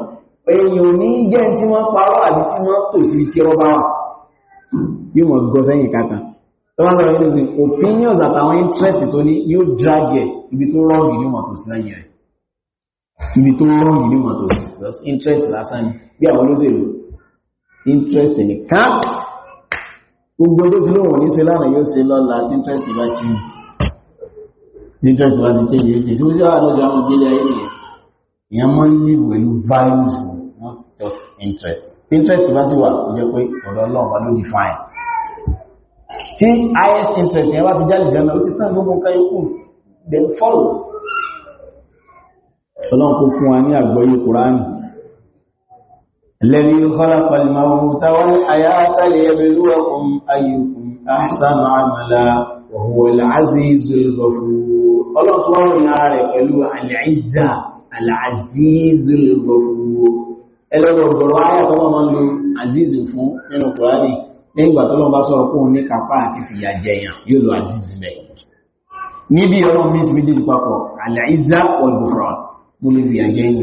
èèyàn ní jẹ́ tí wọ́n parọ́ àti tí wọ́n tò sí tí ọba wà yóò mọ̀ gọ́ sẹ́yìn kàkà tọ́wọ́n sọ ẹni sí opinions àtàwọn interest tó ní yóò drag ẹ̀ ibi tó rọ́ọ̀gì ní mọ̀tò sí láyé rẹ̀ ibi tó rọ́ọ̀gì ní mọ̀tò sí interest lásán bí àwọn olóṣèlú interest nìkan gbogbo ọjọ́ tí lóòwò ní ṣe lánàá yóò ṣe lọ́la tí tẹ́ẹ̀tì bá kí ní tẹ́ẹ̀tì bá ti tẹ́ẹ̀yẹ jẹ́ tí ó jẹ́ àlọ́jọ́ àwọn ìgbélé ayé nìyẹn ìyẹn mọ́ ní pẹ̀lú values not just interest interest bá sì wà kò jẹ́ pé ọ̀dọ̀ ọlọ́run bá ló define tí highest interest yẹn bá ti jáde jẹ́nà ó ti tán gbogbo nǹkan yókù then follow ọlọ́run kó fún wa ní àgbọ́yé kùránì الذي خلق الموت والحياة ليبلوكم أيكم أحسن عملا وهو العزيز الغفور الله سبحانه وتعالى يقولوا العزة العزيز الغفور ẹlẹ́ gbọ̀gbọ̀rọ̀ ayé tọ́lọ́ máa ń lo aziz fún nínú kùránì ní ìgbà tọ́lọ́ bá sọ̀rọ̀ kóhun ní kápá àti fìyà jẹyàn yóò lo aziz bẹ̀ níbi ọlọ́run mí sí àlàíza ọ̀gbọ̀rọ̀ mo lè fìyà jẹyàn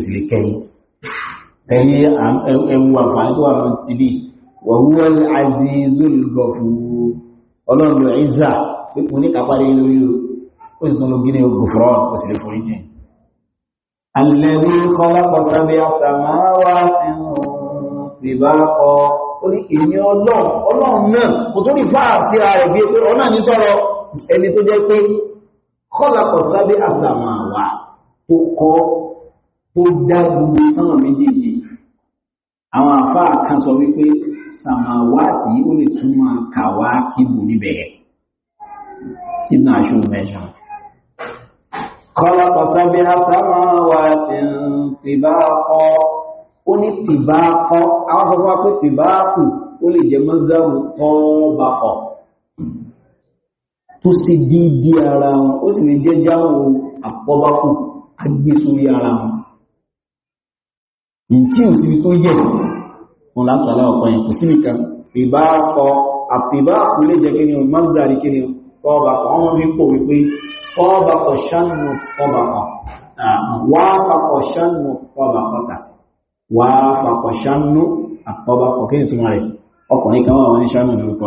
ẹ̀yẹ ẹ̀wù àǹfààní tó wà lọ ti bí wọ̀húwọ́ azizul gọ̀fúrú ọlọ́run ìzà pípò ní kàpàdé lórí ó sì tún ló gíní gòfúrọ́ ó sì lè forí jìn alẹ́bí kọ́lápọ̀ sábẹ́ àtàmáwá ẹnu ìbákọ́ ó ní kọ́ tó àwọn àfáà kan sọ wípé sàmáwáàtì ó lè túmọ̀ kàwá kíbu níbẹ̀ ibùn aṣọ mẹ́ṣà kọ́lá pàṣábí sàmáwáàtì tìbáàkọ́ ó ní tìbáàkọ́ àwọn sọ fún wa pé tìbáàkù ó lè jẹ mọ́sáwù tọ́ọ̀bàkọ̀ tó sì dídí ara wọn ó sì lè jẹ́ jáwọ́ àpọ́bákù agbésórí ara wọn tí ò sí tó yẹ̀ wọn látọ̀ aláwọ̀kọ́ yẹn kò sí nìkan ìbá kọ àfìbá kò lè jẹ́ kíni mazari kíni kọba kọ ọmọ bí kò wípé kọba kọ ṣánù kọba kọ wá fakọ ṣánù kọba kọta wá fakọ ṣánù àkọba kọ kíni túnmọ̀ rẹ̀ ọkùnrin kan wà wọn ní ṣánù lórúkọ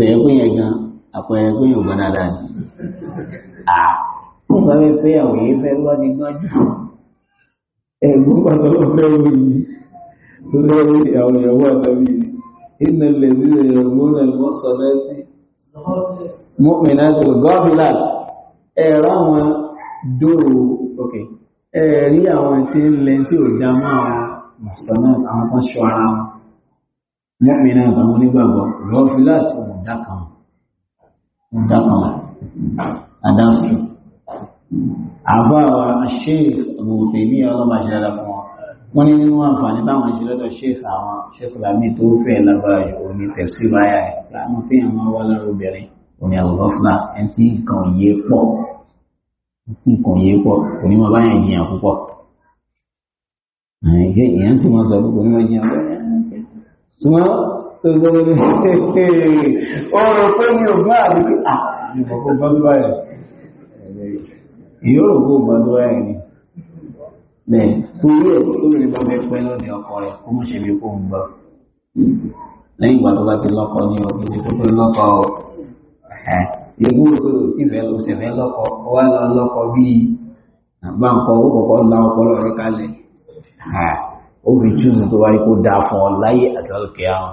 rẹ̀ gan àpẹẹrẹ pé yóò gbọ́nà dáa ní àwọn ọmọ ẹgbẹ́ àwọn èyí fẹ́ wọ́n ní gbọ́njú ẹ̀gbọ́n pàtó lọ fẹ́ wọ́n yìí lọ́wọ́ wọ́n yìí àwọn ìyàwó àtàbí yìí iná lẹ́bí ẹ̀rọ ẹ̀gbọ́n sọ̀rọ̀ sí mọ́mìnà tó gọ́ọ̀bìlà ẹ̀rọ àwọn dòrò òkè ẹ̀rí àwọn tí ń lẹ tí ò já mọ́ àwọn mọ̀sánà àwọn kan ṣọ ara wọn mọ́mìnà àtàwọn onígbàgbọ́ gọ́ọ̀bìlà tó mọ̀ dá kan متقرة أدرس عبارة الشيخ أبو تيمية الله ما شاء الله wọ́n ní nínú àǹfààní báwọn ṣe lọ́dọ̀ ṣéèkì àwọn ṣékùlámì tó fẹ́ lágbára ìwò ní tẹ̀sí báyà ẹ̀ láàmú fi hàn wá lára obìnrin òní àwòrán ẹni tí nǹkan yé pọ̀ nǹkan yé pọ̀ òní wọn báyà jiyàn púpọ̀ ìyẹn sì máa sọ Tòlórí [LAUGHS] ọ̀rọ̀ pé ní ah, tó bá ti lọ́kọ ní ọdún ní tó pé lọ́kọ tó ti fẹ́ lọ sẹ̀fẹ́ lọ́kọ wá lọ lọ́kọ bíi àbáǹkọ ó kọ̀kọ́ la ọpọlọ rẹ̀ kalẹ̀ ó fi túnṣe tó wáyé kó dáa fún láyé àtàlùkẹ́ àwọn.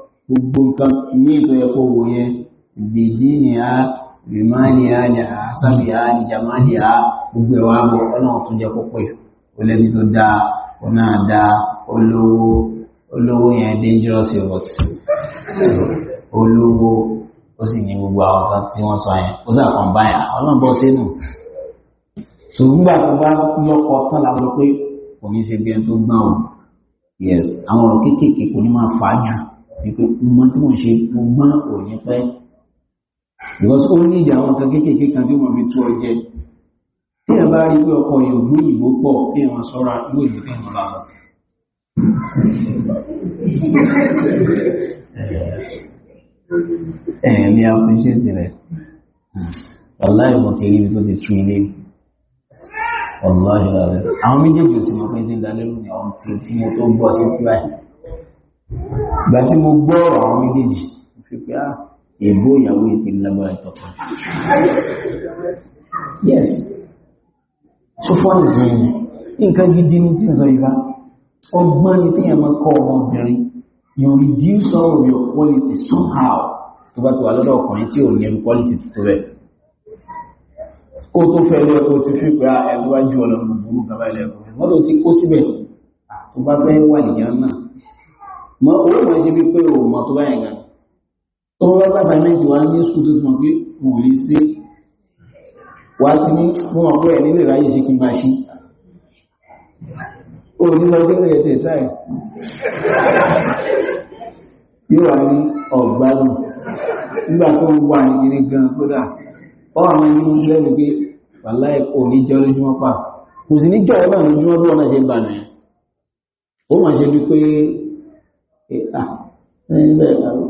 gbogbo nǹkan ní ìtọ́ ẹ̀kọ́ wò yẹn bèjì ni a rìmáàlì a ní àṣàbì a ní jàmáàlì a gbogbo ẹ̀wà bọ̀ ọ̀nà ọ̀tún jẹ́ kó pè ó lẹ́ni tó dáa ó náà olówó olówó yẹn dangerous robot olówó ó sì ní gbogbo àwọn kan tí wọ́n sọ yẹn ó sà kàn báyà ọlọ́run bọ́ sínú ṣùgbọ́n gbà tó bá lọ́kọ̀ tán la lọ pé kò ní ṣe bí ẹni tó gbọ́n yes àwọn ọ̀rọ̀ kéékèèké kò ní máa fà á yàn wípé mo tí mo ṣe mo mọ́ òní pẹ́ because ó ní ìdí àwọn kan kéékèèké kan tí wọ́n fi tú ọjẹ́ tí ẹ bá rí pé ọkọ̀ ìlú ìbò pọ̀ kí ẹ wọn sọ́ra ìlú ìlú kí wọn bá wọn ẹ̀yìn ni a fi ṣe tirẹ̀ ọláì mo ti rí ibi tó ti tú ilé ọláì rẹ̀ àwọn ìgbà tí mo gbọ́ ọ̀rọ̀ àwọn méjèèjì mo fi pé ah, ègbó ìyàwó ìtì lágbára ìtọ́kọ yes so fọ́nì sí ni nǹkan gidi ni tí ń sọ ìfà ọgbọ́n ni tí ẹ̀mọ́ kọ́ ọmọbìnrin you reduce all of your quality somehow tó bá ti wà lọ́dọ̀ ọkùnrin tí ò ní ẹ̀mú quality tuntun rẹ̀ kó tó fẹ́ lọ kó ti fi pé ah, ẹ̀lú wájú ọlọ́run burú gaba ilẹ̀ ọkùnrin mọ́tò ti kó síbẹ̀ ah, tó bá fẹ́ wà nìyàn náà Ma owó mọ̀ ṣe bí pé o mọ̀ tó bá yẹn gan tó wọ́n bá sàmẹ́ntì wá ní sùn tó tún pé kò lè ṣe wá sí ní fún ọ̀pọ̀ ẹ̀ nílé ráyè ṣe kí n máa ṣí o ní lọ sí ẹ̀rẹ́ tẹ̀ táì yóò wá ní ọ̀gbálùn nígbà tó ń wà ní kiri gan kódà ọ àwọn ẹni mú lẹ́nu pé wàlá ẹ̀kọ́ ní jẹ́ lójúmọ́ pa kò sì ní jẹ́ ọ̀rọ̀ náà lójúmọ́ bí wọ́n náà ṣe ń bà náà ó mà ṣe bí pé ẹ̀ka ah, ẹ̀yìn bẹ́ẹ̀ lọ́wọ́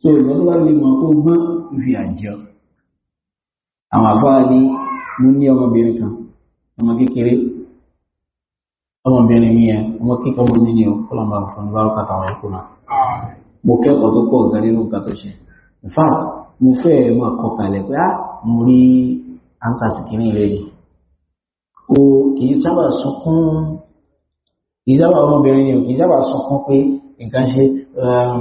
tó ìgbà tó bá lè mọ̀ kó gbọ́n fi àjọ àwọn àfáà ní mo ní ọmọbìnrin kan ọmọ kékeré ọmọbìnrin mi yẹn ọmọ kíkọ́ mo ní ní o kó lọ́mọ fún mi báwo kàtà àwọn ẹ̀kọ́ náà mo kẹ́kọ̀ọ́ tó pọ̀ gan nínú nǹkan tó ṣe in mo fẹ́ mọ̀ kọ́ kalẹ̀ pé ah, mo rí ansa tuntun ní ilé yìí o kì í sábà sunkún kì í sábà ọmọbìnrin ni ò kì í sábà sọ fún pé nǹkan ṣe um,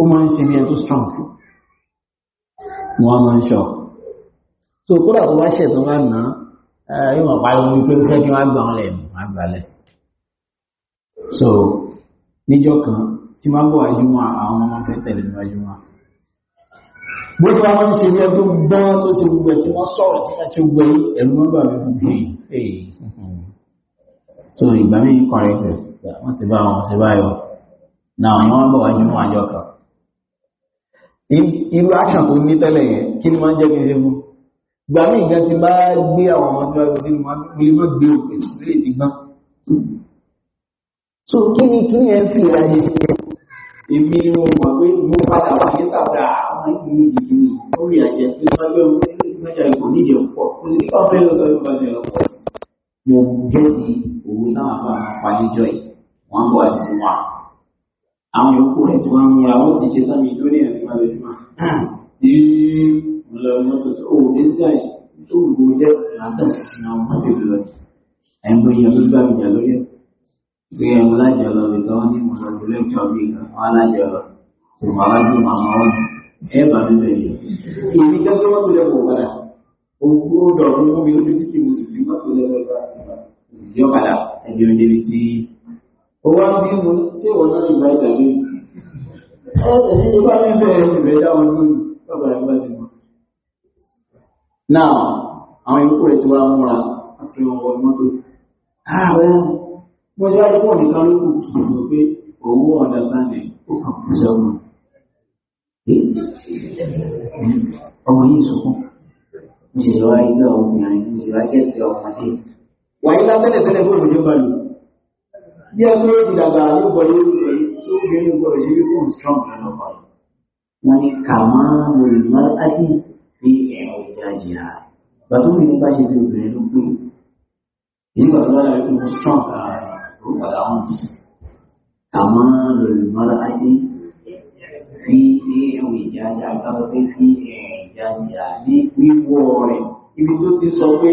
ó máa ń ṣe bí ẹni tó strong wọ́n máa ń ṣọ tó kódà tó bá ṣẹ̀ tó bá nà á yóò máa pariwo wípé fẹ́ kí wọ́n gbà wọn lẹ̀ wọ́n gbà lẹ̀ so níjọ́ kan tí máa ń bọ̀ wájú wọn àwọn ọmọ fẹ́ tẹ̀lé níwájú wọn bó ti wá wọ́n ṣe bí ẹgbẹ́ gbọ́n tó ṣe gbogbo ẹ̀ tí wọ́n sọ̀rọ̀ tí wọ́n ṣe gbogbo ẹ̀rù mọ́gbà so ìgbà mi yìí correct ẹ̀ wọ́n sì bá wọn ṣe báyọ̀ náà ni wọ́n bọ̀ wá nínú àjọ kan irú action tó ní tẹ́lẹ̀ yẹn kí ni wọ́n jẹ́ kí n ṣe fún ìgbà mi ìgbà ti bá gbé àwọn ọmọ tó wáyé nínú wọn mo lè má gbé òkè sílé ti gbọ́n so kí ni kí ni ẹ fi ìlà yẹn ṣe èmi ni mo mọ̀ pé mo padà wà ní sábà àwọn ìsinmi ìdíkìní lórí àjẹ pé wọ́n gbé òkè sílé ìgbàjà ìkò níjẹ̀ pọ̀ kò sí ọ̀fẹ́ lọ́sọ̀rọ̀ ìgbàjà ìkò mo gẹ́ẹ̀tì òwe náà fún àpàlẹ́jọ́ yìí wọ́n bọ̀ àti fún wa. àwọn yòókù rẹ̀ tí wọ́n ń múra ó ti ṣe tán mi tó ní ẹ̀sìn máa lójúmọ́. ní ọ̀la mọ́tò tó o ní sí àyè tó gbogbo jẹ́ látàsí àwọn mọ́tò lọ. ẹ̀ńgbọ́n yẹn ló gbà mí lórí ẹ̀. pé ẹ̀wọ̀n lájọ lọ mi gan ní mo lọ sí lẹ́kọ̀ọ́ bí kan lájọ lọ. kò máa wájú màmá wọn ẹ̀ bá mi bẹ̀ yìí. èmi gẹ́gẹ́ mọ́tò lẹ́kọ̀ọ́ padà. ó dọ̀rọ̀ mú mi ó yọ padà ẹbí ọdẹ ní ti owó àwọn bí mo ṣé wọn náà ìgbà ìgbàgbé ẹni tó bá mi bẹ̀rẹ̀ ìbẹ̀ dá wọn lórí bàbá rẹ̀ bá sí wọn. náà àwọn ìyókù rẹ̀ ti wá múra àti wọn wọ mọ́tò ààrẹ ah, mo jẹ́ àdúgbò nìkan ló kù kì í mọ̀ pé òun ọ̀dà sáńdẹ̀ ó kàn kú sẹ́wọ̀n ọmọ yìí sọkún mo ṣe lọ́wọ́ ayé gbé ọmọ obìnrin mo ṣe wá kẹ́kẹ́ ọmọdé wàyí lásẹ́lẹ̀sẹ́lẹ̀ bóòlù ní balù bí ẹ ló ti dàgbà ló bọ̀lé tó gbẹ̀rẹ̀ bọ̀rẹ̀ sí wípé òun strong lọ́nà pa wọn ni kà máa ń lo ìmọ̀ àti ní ẹ̀rọ ìdájì ha bàtú mi nípa ṣe fi obìnrin ló pè èyí wà tó lára wípé òun strong lára ló padà wọn kà máa ń lo ìmọ̀ àti fi ẹ̀rọ ìdájì ha kábọ̀ pé fi ẹ̀rọ ìdájì ha ní wíwọ́ rẹ̀ ibi tó ti sọ pé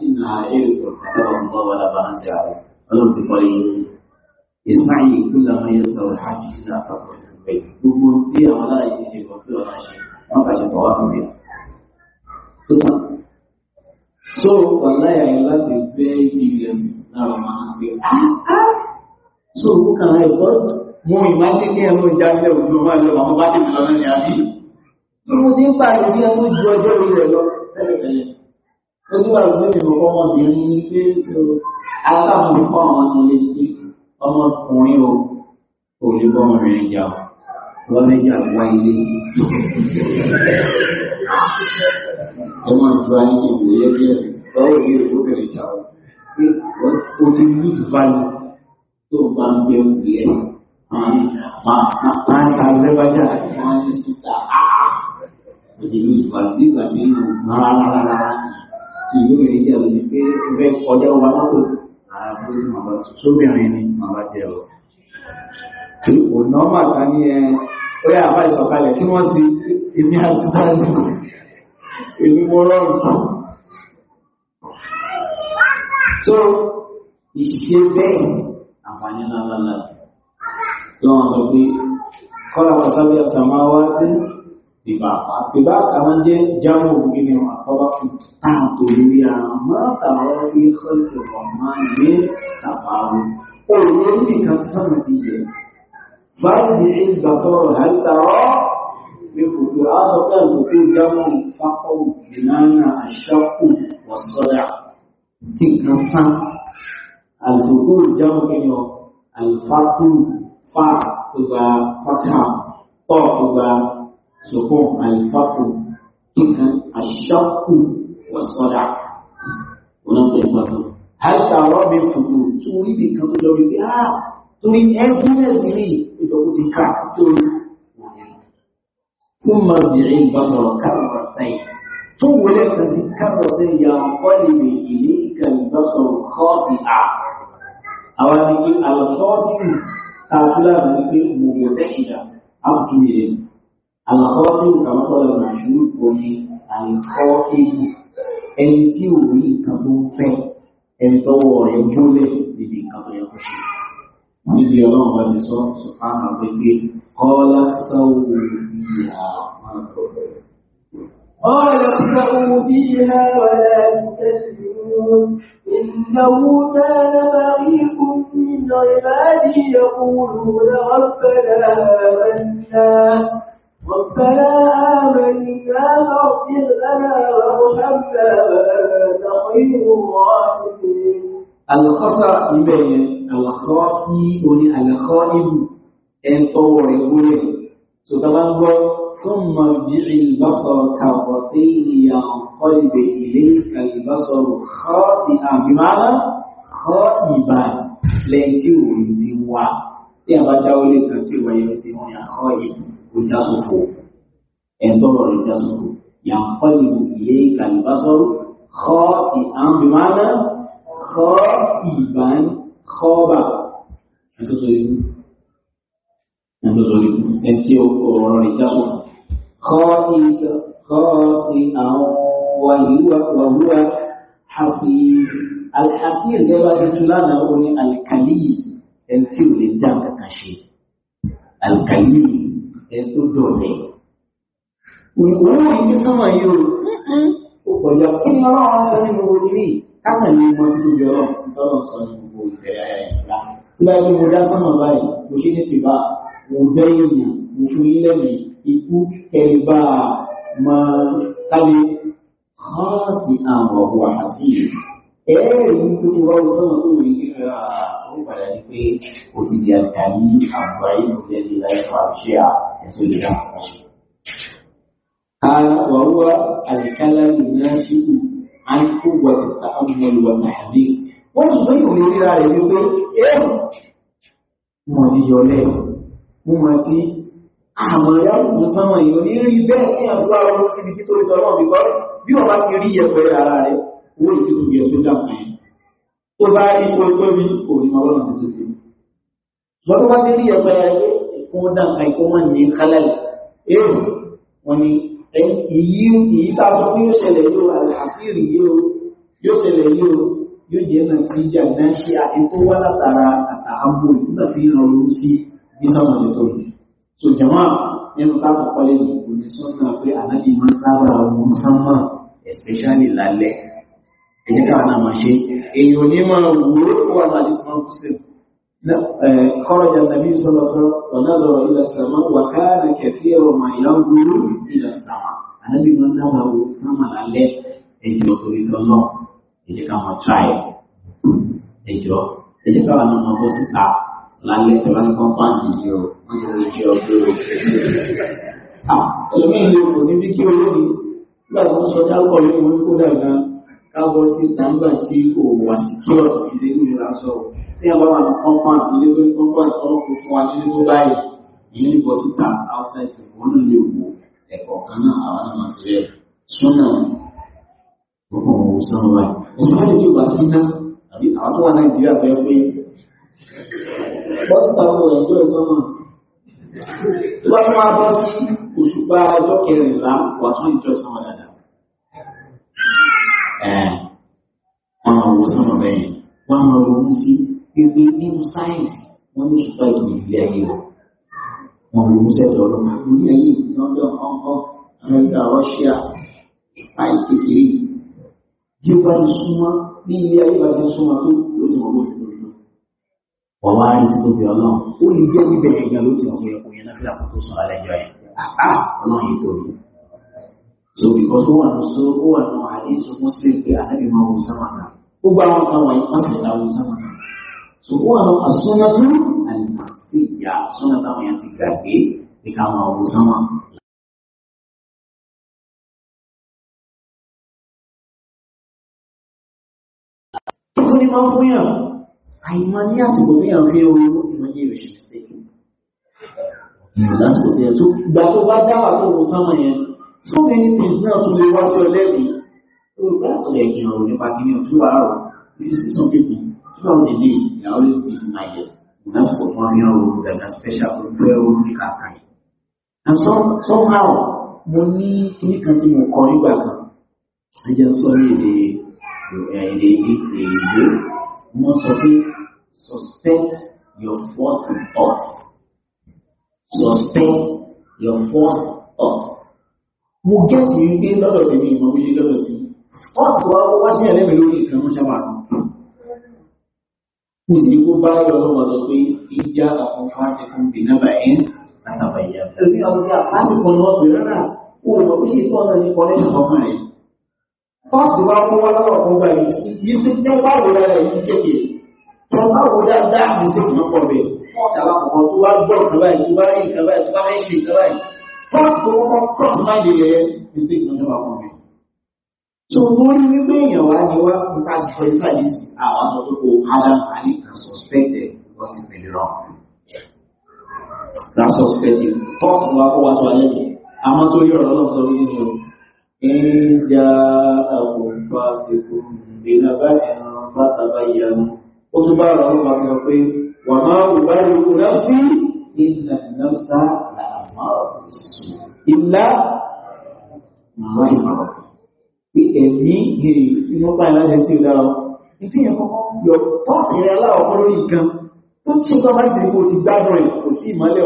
nínú ayé ìgbọ̀nsẹ̀ ọ̀gbọ́n wà lábá ń jà ọ́ ọlọ́run ti fọ́ yín ìsáyé ìpínlẹ̀ wọn yẹn sọ̀rọ̀ láti ní àpapọ̀ gbogbo tí àwọn aláyé ti ṣe kọ̀ọ̀kí ọ̀la ṣe wọ́n bá ṣe kọ̀ wá fún mi. so ọ̀la yà yẹn láti gbé ilẹ̀ náà máa ń gbé. so ó kàn án ẹ̀kọ́ mo ìmáṣe kí ẹnu ìjáde òdúró máa lọ àwọn bá ti fi lọ náà ní àbí. mo ti ń pariwo bí ẹnu ju ọjọ́ orí lọ tẹ́lẹ̀ tẹ́lẹ̀ ó nígbà tó lè lò ọmọbìnrin ní pé aláàmú kọ́ àwọn tó lè pé ọmọkùnrin o kò lè bọ́ ọmọbìnrin jà o wọ́n lè jà wá ilé. ọmọ ìjọba ní ìwé ẹgbẹ́ ọwọ́ ìwé ìwé jà o o ti lose value tó bá ń bẹ òkè ẹ̀ máa ń ta lẹ́bàjá àti máa ń ní sísá. o ti lose value nígbà tí mo rárá ìlú mi ní ìyàwó ni pé ó fẹ́ kọjá ọba mọ́tò àbí màmá sóbìnrin ni màmá jẹ ọ. kò nọ́mà ká ní ẹ ó yà àbá ìsọ̀kalẹ̀ kí wọ́n sì èmi àti táyà èmi mo rọrùn tán. tó ìṣe bẹ́ẹ̀ àǹfààní ńlá ńlá lọ́wọ́ sọ pé kọ́lá pàtàkì àsàmáwá sí. Dibapa. Dibapa kawan dia jauh begini apa tahu dia mata fi khalqir rahman min tafawu. Oh, ini kan sama dia. Bagi basar hal tara bi futurat kan futur jamu faqaw binana asyaqqu was-sada'. Tikrasan al-futur jamu ini al-fatu fa tu ba fathah to tu ba sukun alifaku nkan ashaku wasoda onáfẹ ìpàdé àìsà ọlọ́bẹ̀ tuntun torí nìkan tó lọ wípé á torí ẹgbẹ́rẹ́sì rí ìdọ̀kú ti ká torí fún ma bèèrè ìbásọ̀rọ̀ kárọ̀rọ̀ tẹ́yì tó wọlé kan sí kárọ̀rọ̀ tẹ́yì ya ọ̀pọ̀ lè rè ilé ìkà ìbásọ̀rọ̀ kọ́ọ̀sì à àwọn ìpè àlọ́sọ́ọ̀sì tààtúlà wípé mòmò tẹ́yì dà á kú mi rẹ̀ àlàkọ́sí nǹkan tọ́lá màṣúrù omi àìkọ́ ewu ẹni tí ò rí nǹkan tó ń fẹ́ ẹni tọ́wọ́ rẹ̀ gúnlẹ̀ níbi nǹkan tó yẹ kó ṣe níbi ọlọ́run bá ti sọ sùpáàmù àgbègbè kọ́lá sáwù ìyá قال اخسأوا فيها ولا تكلمون إنه كان فريق من عبادي يقولون ربنا آمنا ربنا آمنا فاغفر لنا وارحمنا وأنت خير الراحمين الخصى يبين الخاصي وني الخائب أن طور يقولي ستبقى ثم ارجع البصر كرتين ينقلب إليك البصر خاسئا بمعنى خائبا لن تريد وا يا ما دولة كتير ويمسي هنا خائب ó já sófò ẹ̀ńtọ́rọ̀ rẹ̀ já sófò yàǹfààní ilé ìkàlùbásọ́rọ̀ kọ́ ìhànbìmánà kọ́ ìbán kọ́ọ̀bà ẹ̀ńtọ́sọ̀ ikú ẹ̀ńtọ́sọ̀ ikú ẹ̀ńtí ọ̀rọ̀ rẹ̀ já sófò kọ́ ìsọ̀ kọ́ sí àwọn wàhúwà hasi alhasi ẹ̀jẹ̀ bá ti ẹni tó dùn mí. Òun náà ní sọ́mọ yìí o, mm-hmm. ó pọ̀jọ kí ni ọlọ́run sọ nínú owó nílé káàkiri ní ọmọ tí kò jọ ọlọ́run tí ọlọ́run sọ nínú owó ìbẹ̀rẹ̀ ẹ̀yà. Tí báyìí ni mo dá sọ́mọ báyìí, mo ṣe ní tìbá, mo bẹ́ èèyàn, mo fún yín lẹ́mìí, ikú kẹrìbá máa kálí kọ́ọ̀sì àwọn ọ̀bọ̀ àhàsí yìí. Ẹ̀ẹ́rì ní kí ni wọ́n sọ́mọ tó rí kíkẹ́ àwọn ìpàdé pé kò ti di àgbà ní àgbáyé ìlú وكل دعوة قال وهو الكلام الناشئ عن قوة التحمل والتحذير والزبير من الله يقول إيه mo ti yọ lẹ́yìn mo mọ̀ tí àwọn ìyáwó sánmọ̀ èèyàn ní rí bẹ́ẹ̀ ní àdúrà ọmọ síbi tí tó rí tọ́lọ́ bíkọ́ bí wọ́n bá ti rí ẹ̀pẹ́ ara rẹ̀ owó ìtí tó yẹ tó dáhùn ẹ̀ tó bá rí tó tóbi òní ọlọ́run ti tóbi wọ́n tó bá ti rí ẹ̀pẹ́ rẹ̀ kó dàn kan kó mọ̀ ní kálẹ̀lẹ̀ èrò wọn ni èyí èyí tá a sọ pé yóò ṣẹlẹ̀ yóò àṣírí yóò yóò ṣẹlẹ̀ yóò yóò jẹ́ náà ti jà náà ṣe àti tó wá látara àtàhámbò nígbà tí ń rọrùn sí bí sọmọ tó yìí so jama nínú táàbù kọ́lé ní kò sọ́nà pé ànábì máa ń sábà wọn sánmà especially lálẹ́ ẹ̀jẹ̀ káwọn náà máa ṣe èèyàn ní máa wúrò wà láti sọ́nà kùsìlù خرج النبي صلى الله عليه وسلم ونظر إلى السماء وكان كثير ما ينظر إلى السماء النبي ما سمع سمع عليه ẹjọ́ torí lọ́nà ẹjẹ́ ká wọn tíráì ẹjọ́ ẹjẹ́ ká wọn ọmọ bó síta lálẹ́ ìjọba ní kọ́kọ́ àdìyí o wọ́n yóò rí jẹ́ ọdún o. ẹlòmíì ló kò ní bí kí olóòní nígbà tó ń sọ dáwọ́ lórí wọn kó dàgbà káwọ́ sí nàmbà tí kò wà sí kí ọ̀rọ̀ fi ṣe nílùú lásán o tí ẹ bá wà ní compound ilé tó ní compound tó kún fún wa nílé tó báyìí ilé ìbọ̀ síta outside ìbò ló lè Wọ́n tún bọ́ sí òṣùpá ọjọ́ kẹrìnlá wà tún ìjọ sọ́nà dáadáa. Ẹ̀ wọ́n máa wo wọ́n máa ronú sí pépé nínú sáyẹ̀nsì wọ́n ní ṣùgbọ́n ìtumọ̀ ìfilẹ̀ ayé o wọn ò mú sẹ́tọ̀ ọlọ́mọ àwọn orí ayé London Hong Kong America Russia láì kékeré bí ó bá ti súnmọ́ ní ilé ayé bá ti súnmọ́ tó ló sì wọ́n bó ti tóbi lọ. wọ́n wá rí ti tóbi ọlọ́run ó lè jẹ́ níbẹ̀ ẹ̀yà ló ti wọ́n fún ẹkùn yẹn náà fílà kó tó sọ alẹ́ jọ yẹn ọlọ́run yìí tóbi. so because ó wà ní so ó wà ní àdéhùn Muslim pé àdébìmọ̀ ọ̀hún sáwọn náà gbogbo àwọn kan wọ̀nyí wọ́n sì ń ta ọ̀hún sáwọn náà ṣùgbọ́n àwọn àsúnátú àìmàṣí ìyá àsúnátà wọn ti gbàgbé ní ká máa wo sánmà. Tó ní máa ń fún yàn, àìmọ̀ ní àsìkò ní àwọn fi ohun ìlú ìmọ̀ yé ìrìṣẹ́ mistake. Lásìkò tí ẹ̀ tó gbà tó bá dáwà tó wo sánmà yẹn, tó ní ní ìdí náà tó lè wá sí ọlẹ́bí. Olùgbàtọ̀ ẹ̀yìn ọ̀rọ̀ nípa kí ni òtún wàárọ̀, ní sísan pípọ̀, tó àwọn ìdílé I always be smiling. That's for one year old, that's a special prayer old Nikasai. And so, somehow, mo ní kíní kan tí mo kọ nígbà kan, ẹ jẹ́ sọ ní èdè èdè èdè èdè, mo sọ pé suspect your first thought. Suspect your first thought. Mo gẹ́sì wípé lọ́dọ̀ you ìmọ̀ wíyé lọ́dọ̀ tèmi. Ọ̀sùn wa wá sí ẹ̀lẹ́mi lórí ìkànnì sábà kan ó ti kó báyọ̀ lọ́wọ́ lọ pé ìjà àwọn fásitì bìnnà báyìí àtàbàyà. Èmi àwọn ọ̀gá fásitì ni wọ́n bè rárá, ó lọ bí ṣe tọ́ ọ̀nà ní kọ́lẹ́ ọmọ rẹ̀. Fásitì wa kó wá lọ́wọ́ fún báyìí, yìí ṣe jẹ́ báwo dára yìí ṣe kè. Wọ́n báwo dáadáa mi ṣe kì í pọ̀ bẹ̀. Wọ́n tàbá kọ̀ọ̀kan tó bá gbọ́ nǹkan báyìí, tó bá rí nǹkan báyìí, dia. bá rí ṣe nǹkan báyìí. Fásitì wọn kọ́ cross mind so wọ́n rí wípé èèyàn wá ní wá fún ká sọ ìsàlẹ̀ sí àwọn àtọ́kùnkù adam ali can suspect them what is really wrong na suspect it talk wa kó wa sọ alẹ́ yìí àmọ́ tó yọ̀ ọ́ lọ́wọ́ sọ wípé ní o ìjà àkùnfà sèkú ìgbéná báyìí náà bàtà báyìí àná ó tún bá ọ̀rọ̀ ọ̀rọ̀ kan pé wà máa wù bá yòókù náà sí ìlà náà sá làmọ́ ìsù ìlà màmá ìmọ̀ràn pé ẹ̀mí gèrè inú báyìí láti tí ó dára ìpín kọ́kọ́ yọ tọ́ọ̀tì rẹ aláwọ̀ lórí nǹkan tó tí ó bá ti kó ti gbádùn ẹ̀ kò sí ìmọ́lẹ̀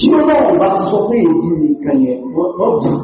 tí ó náà bá sọ pé èyí nìkan yẹn wọ́n bù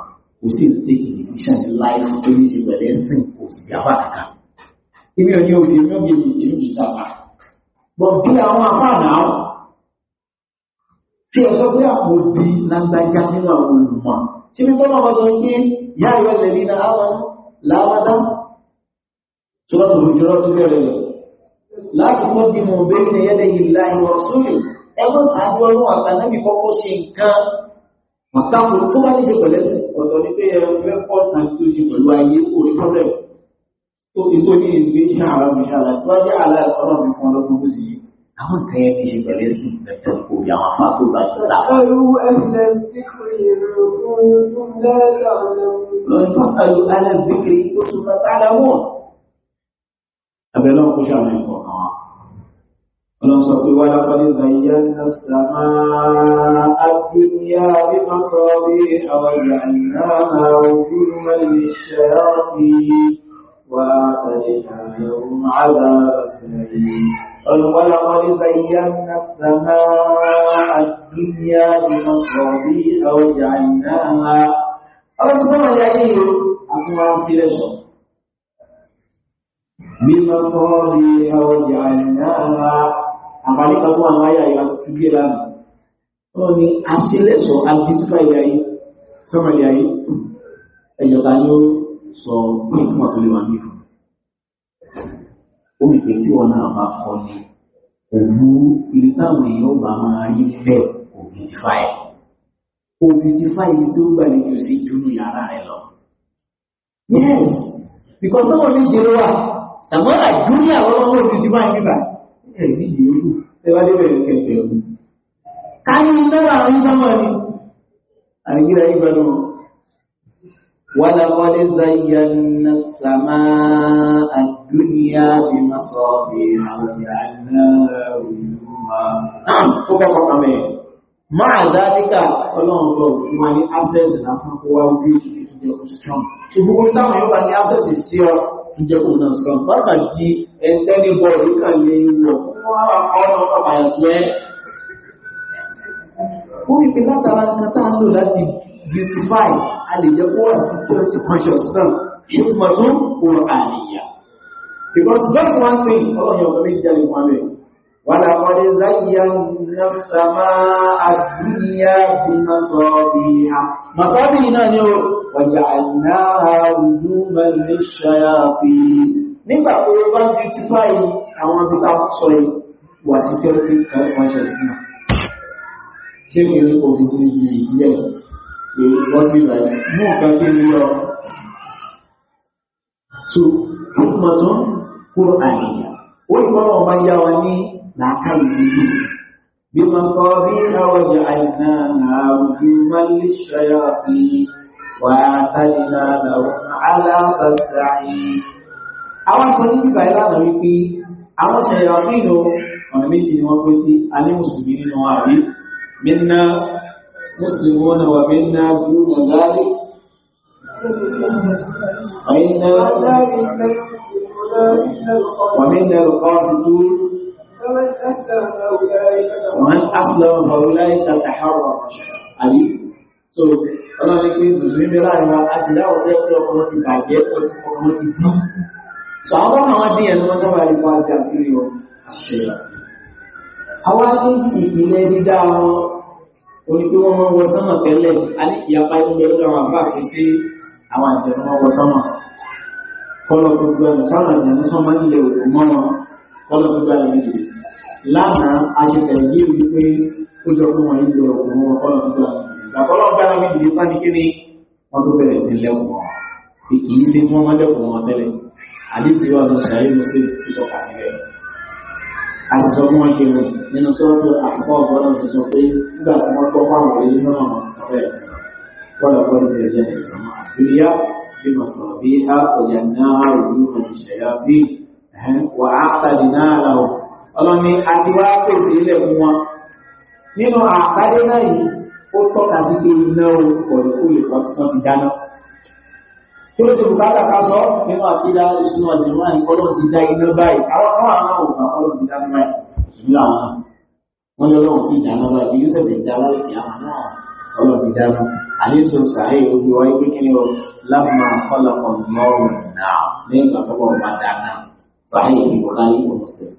kò sí take a decision life tó ní ṣe pẹ̀lú ẹ̀sìn kò sì yáwà kankan. Ibi òní òní èmi òní èmi èmi kì í sábà. Bọ̀ bí àwọn afáàná tí ẹ sọ pé àpò bí lágbájá nínú àwọn olùmọ̀. Ṣé bí tọ́lá wọn sọ pé ìyá ìwé lẹ́ni náà àwọn làwádá? Sọ́lá tó fi jọrọ́ tó bẹ̀rẹ̀ lọ. Láti kọ́ bí mo bẹ́ẹ̀ ní ẹ̀yẹ́dẹ̀ yìí láì wọ̀ sórí. Ẹ sàájú ọlọ́wọ́ àgbà kọ́kọ́ ṣe nǹkan Màkàkù tó bá ní ṣe pẹ̀lẹ́ sí ọ̀tọ̀ ní pé ẹran fẹ́ kọ́ tàbí tó ṣe pẹ̀lú ayé kò rí pọ́lẹ̀ tó fi tó ní ìgbé ṣá ara mi ṣára tó jẹ́ aláìsọ́rọ̀ mi fún ọlọ́dún tó sì àwọn nǹkan yẹn ní ṣe pẹ̀lẹ́ sí ìgbẹ̀tẹ̀ kò rí àwọn afá tó bá ṣe sáfà. lọ́yìn pásítọ̀ aláìsíkiri tó tún bá ولم صدوا ولقد زينا السماء الدنيا بمصابيح وجعلناها وجوما للشياطين وآتينا لهم عذاب السعير قل ولقد زينا السماء الدنيا بمصابيح وجعلناها أرسل جعير أسمع سيرشا بمصابيح وجعلناها àǹfààní kan fún àwọn ayé àyà ti gbé lánàá wọn ni àṣìlẹ́sọ̀ àgbẹ̀tìfà ilé ayé sọ́mọ ilé ayé ẹ̀yọ̀ta ni ó sọ fún ìtumọ̀ tó lè wà ní ìfún ó ní pé tí wọn náà bá kọ́ ni òwú ilé táwọn èèyàn bá máa rí bẹ́ẹ̀ òbìtìfà ẹ̀ òbìtìfà ibi tó gbàlejò sí júnú yàrá rẹ̀ lọ. yes because sọ́wọ́n ní jẹ́rọ wa sàmọ́ra júnú àwọn ọmọ òbìtìfà yìí báyìí ẹ̀rí ìyóòlù tẹ́wàdé bẹ̀rẹ̀ kẹfẹ́ ọdún káyí tẹ́wà ń sámà ní àrígbìrà ìgbà náà sàmà àdúnyà bí ma sọ bí àwọn ìyànà máa dáadíkà ọlọ́ọ̀lọ́ fún wa ní asẹ́ẹ̀dì lásán kó wá wí ìjẹkùn strong ẹ̀ntẹ́ni bọ̀rù kàn lè wọ̀ fún àwọn ọmọ àjẹ́ ó rí pé látara nǹkan tá ń lò láti beautify a lè jẹ́ kó wà sí purity conscious náà èyí mọ̀ tó kòrò àníyà because just one thing ọlọ́run ọ̀pọ̀ méjì jáde fún amẹ́ wà láwọn ẹ̀záyà nàṣàmà àdúnyà bí masọ́bí ha masọ́bí náà ni ó wà yà náà rùdú nígbà tó o bá fi títú àyè àwọn ibi tá a sọ yìí wà sí tí ó ti kọ́ ọ̀ṣẹ̀ sí náà. ṣé mi ní òbí ti di ìdílé pé wọ́n ti rà yìí mú nǹkan tó ní lọ. so àkùmọ̀ tó ń kó àyè ó ní kọ́ ọ̀bá yá wa ní làákàyè nínú. bí wọ́n sọ bí àwọn ọjà àìná náà ojú máa ń lè ṣọ́yà bí wàá tálẹ̀ náà làwọn alábàṣà yìí àwọn sọ ní ìgbà ìlànà wípé àwọn ṣẹ̀yà pínlọ ọ̀nà méjì ni wọ́n pín sí a ní mùsùlùmí nínú àrí mẹ́nà mùsùlùmí wọn wà mẹ́nà zúrùmọ̀ láàrí ọlọ́run pé mùsùlùmí láàrin wa a sì láwọ̀ tẹ́ ọkùnrin ti bàjẹ́ ọkùnrin ti dín So àwọn àwọn díẹ̀ ni wọ́n sábà lè fa àti àṣírí wọn àṣẹyà. Àwọn ní ìpìlẹ̀ dídá wọn orí pé wọ́n máa wọ sánmà tẹ́lẹ̀ àní ìyapa ẹgbẹ́ lórí àwọn àbá àti sí àwọn àjẹmọ́ wọn wọ sánmà. Kọ́lọ̀ gbogbo ẹ̀rù táwọn àjẹmọ́ sọ máa ń lè òkú mọ́ wọn kọ́lọ̀ gbogbo ẹ̀rù yìí. Lánàá aṣèkẹ̀ yìí wípé ó jọ fún wọn yìí lè òkú mọ́ kọ́lọ̀ gbogbo ẹ̀rù ìgbàkọ́lọ́ gbára mi yìí fánikí ni wọ́n tó bẹ̀rẹ̀ sí lẹ́kùn wọn kì í ṣe tí wọ́n máa lẹ́kùn wọn àdìsí wà lọ sàrí muslim tó kàsí rẹ̀. a sì sọ fún wọn ṣe wọn nínú sọ́ọ̀tù àkọ́kọ́ ọ̀gbọ́n náà ti sọ pé nígbà tí wọ́n gbọ́ fáwọn ilé náà ọ̀rẹ́ wọ́n lọ gbọ́dọ̀ tẹ̀lé ẹ̀ ìsàmà àdúyá bí mo sọ bí a ọ̀yà náà ròyìn mọ̀ ìṣẹ̀yà bí wà á tàbí náà la ọ̀ ọlọ́ni àti wá pèsè ilẹ̀ fún wọn nínú àkádé náà yìí ó tọ́ka sí pé iná ọ̀rẹ́ kó lè pọ̀ tí wọ́n ti dáná tí ó ti bù káàkà ká sọ nínú àkídá ìṣúná ìdìmọ́ ìkọlọ́ ti dá iná báyìí àwọn kan àwọn òkà ọlọ́ ti dá iná báyìí ìlú àwọn wọn ní ọlọ́run ti dáná báyìí yóò sẹ̀sẹ̀ dá láì kí àwọn náà ọlọ́ ti dáná àlejò sàáyé ojú wa ẹgbẹ́ kí ni o lábùmá kọ́lọ́kọ̀ lọ́rùn náà lẹ́yìn ìgbà tó dáná sàáyé ìbò káyé ìbòmọ̀sẹ̀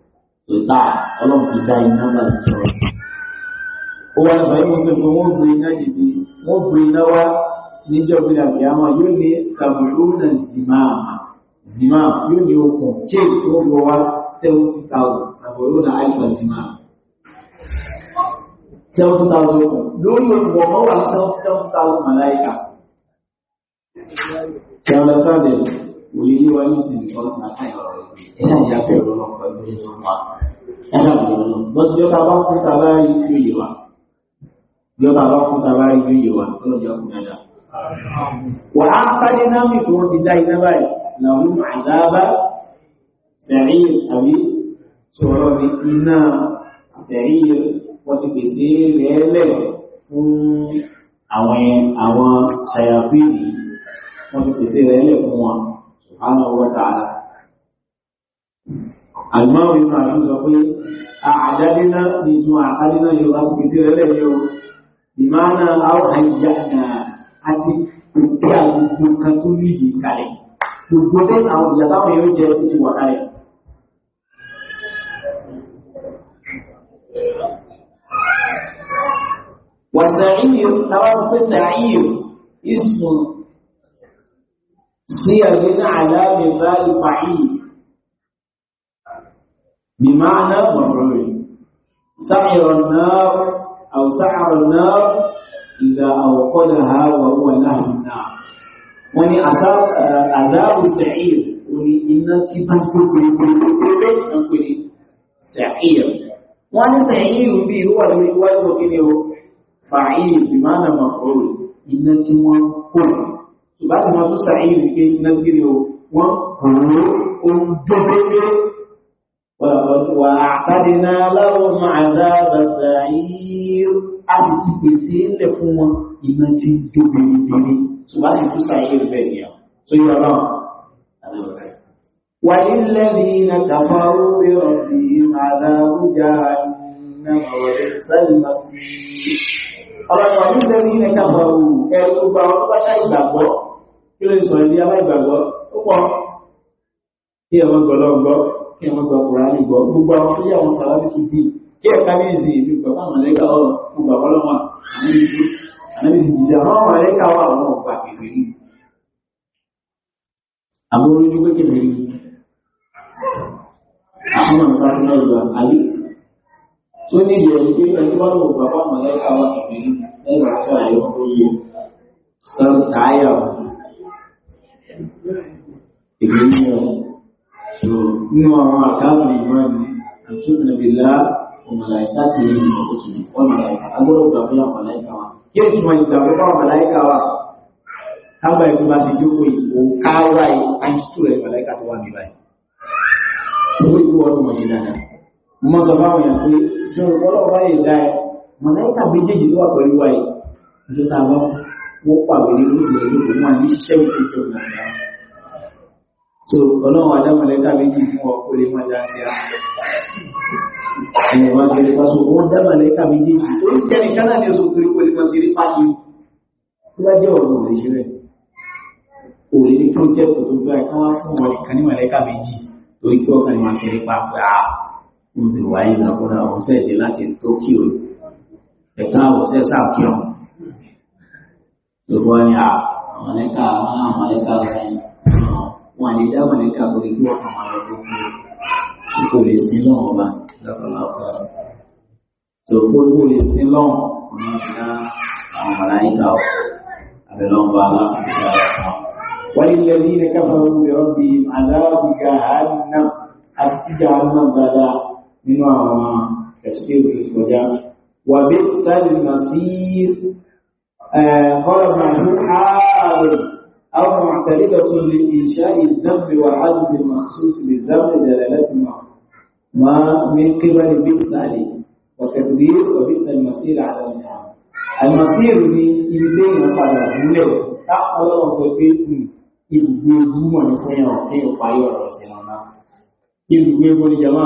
tó dá ọlọ́run ti dá iná báyìí ó wá sọ níjọ́ bí i àgbàmà yóò ní sàmùlúnà zimama zimama yóò ní okùn kí tó gbọ́ wá 70,000 sàmùlúnà àìbà zimama 70,000 okùn lórí okùn ọmọ wà ní 70,000 màláìkà kẹwàlá sáàbẹ̀ òye yíwa ní ti nìkan sí àtàyọ̀rọ̀ ẹ̀yà ìyàfẹ́ ìrọ̀lọ́ pẹ̀lú ìrọ̀lọ́ ẹ̀yà ìrọ̀lọ́ lọ́sí ọba bá kúta láàrin yóò yẹ wa yọba bá kúta láàrin yóò yẹ wa lọ́jọ́ kúta dáa wà á fáyé náà mi kò ti dá iná báyìí làwọn àdábá sẹ̀ríyè tàbí sọ̀rọ̀ ní iná sẹ̀ríyè wọ́n ti pèsè rẹ̀ẹ́lẹ̀ fún àwọn àwọn ṣàyàfíìnì wọ́n ti pèsè rẹ̀ẹ́lẹ̀ fún wọn ṣùgbọ́n wọ́n tààrà àgbọ̀n ìlú àti sọ pé àdádínà nìtún àkádínà yóò wá sí pèsè rẹ̀ẹ́lẹ̀ yóò ìmáà náà áwọ̀ àìyá náà àti òkè àwọn nǹkan tó ní ìdí kalẹ̀ gbogbo bẹ́ẹ̀ àwọn ìyá táwọn yóò jẹ́ ti wà kalẹ̀. وسعير نواز سعير اسم سير على مثال فعيل بمعنى مفعول سعر النار أو سعر النار إذا أوقدها وهو له النار وني أصاب عذاب سعير وني إن تبقى سعير وأنا سعير به هو الذي يوازن بينه فعيل بمعنى مفعول إن تبقى ìbáṣe máa tó sàáyìn wípé iná gírí o wọ́n kòrò ohun jọ́gbẹ́gbẹ́ wà àtàdínà aláwọ̀ máa dáadáa sàáyìn a sì ti pèsè ńlẹ̀ fún wọn iná tí ń jó bèrèbèrè ṣùgbọ́n sì tún sàyè bẹ́ẹ̀ ni ọ́ tó yọ náà وللذين كفروا بربهم عذاب جهنم وبئس المصير ọlọ́run ọdún ní kàbọ̀rù ẹ̀rù gbogbo àwọn tó bá ṣá ìgbàgbọ́ kí ló ń sọ ilé aláìgbàgbọ́ ó pọ̀ kí ẹ̀wọ̀n gbọ́lọ́gbọ́ kí ẹ̀wọ̀n gbọ́kùnrin àgbọ̀ gbogbo àwọn tó yà wọn tàbí kí ẹ kábíyèsí ìlú bàbá màlẹ́kà ọ̀rọ̀ fún bàbá lọ́wọ́ ànábìsí jíjà àwọn màlẹ́kà wà àwọn ọ̀pá kèfè rí àwọn olójú pé kèfè rí àwọn ọ̀pá náà lọ àlè tó ní ìyẹ̀ ìgbé ẹni wà lọ bàbá màlẹ́kà wà kèfè rí lẹ́yìn àti àyè ọkọ̀ yìí lọ́rọ̀ káyà wà èmi ní ọ̀ nínú àwọn àkáàbù ìmọ̀ ni àtúntò nàbìlá malaika ke yi da uku wani malaika an gudu ga kula malaika wa yau kuma yi ga kula malaika wa kan bai kuma ti dúró ìwò káwà àìsù rẹ̀ malaika tó wà ní báyìí owó ìwò ọdún wọ̀nyí dáadáa mo sọ fáwọn èèyàn pé tí wọn kọ́ lọ́wọ́ báyìí dá ẹ malaika méjèèjì ló wà pẹ̀lú wa yìí nítorí tá a bá wọ́n pàwé ní lóṣù rẹ̀ lóṣù wọn ní ṣiṣẹ́ òṣù tó nà á so ọlọ́run adá malaika méjì fún ọ kó lè má Àwọn abẹ̀rẹ̀ pàṣọ wọ́n dábà lẹ́ka méjèèjì. Oríṣiríṣi kánà ni oṣù torí pẹ̀lú kan sí rí pàṣẹ. Tó bá jẹ́ ọ̀rọ̀ òrè ṣe rẹ̀. Òrè ní pọ́jẹ́pù tó gbá ẹ̀ká wá fún ọ̀rọ̀ ìkan ní mọ̀lẹ́ka méjì torí pé ọkàn ìmọ̀ ṣe rí pàpẹ́ à. Ah, mo ti wà yìí lápọ́nà àwọn sẹ́ẹ̀dẹ̀ láti Tókíò. Ẹ̀ka àwọn sẹ́ẹ̀ sàkíọ̀. Tòbọ́ ni à mọ̀lẹ́ka àwọn mọ̀lẹ́ka rẹ̀ wọ́n lè dá mọ̀lẹ́ka torí pé ọkàn mọ̀lẹ́ka kò lè sí lọ́wọ́ báyìí. lọ́pọ̀lọpọ̀ tòkó tó lè sí lọ́wọ́ ní ìná àwọn màláìka ọ̀ àbẹ̀lọ́wọ́ aláàbíkà ọ̀ wọ́n ní lẹ́bí ní káfàrú bẹ̀rọ̀ bí aláàbíkà àánà àtijọ́ àmàgbàdà nínú àwọn ẹ̀sẹ̀ òkèkọjá wà bí sáàlì masir قال معلوم حاضر أو معترضة لإنشاء الذنب والعدم المخصوص بالذنب دلالة معروفة ما من قبل بئس عليه وتقدير وبئس المصير على النعم المصير ni ilé ìpadà ìbúlẹ̀ tá ọlọ́run sọ pé ìlúgbé gbúmọ̀ ní fún ẹ̀hàn kí o parí ọ̀rọ̀ sí ọ̀nà ìlúgbé gbó ní jama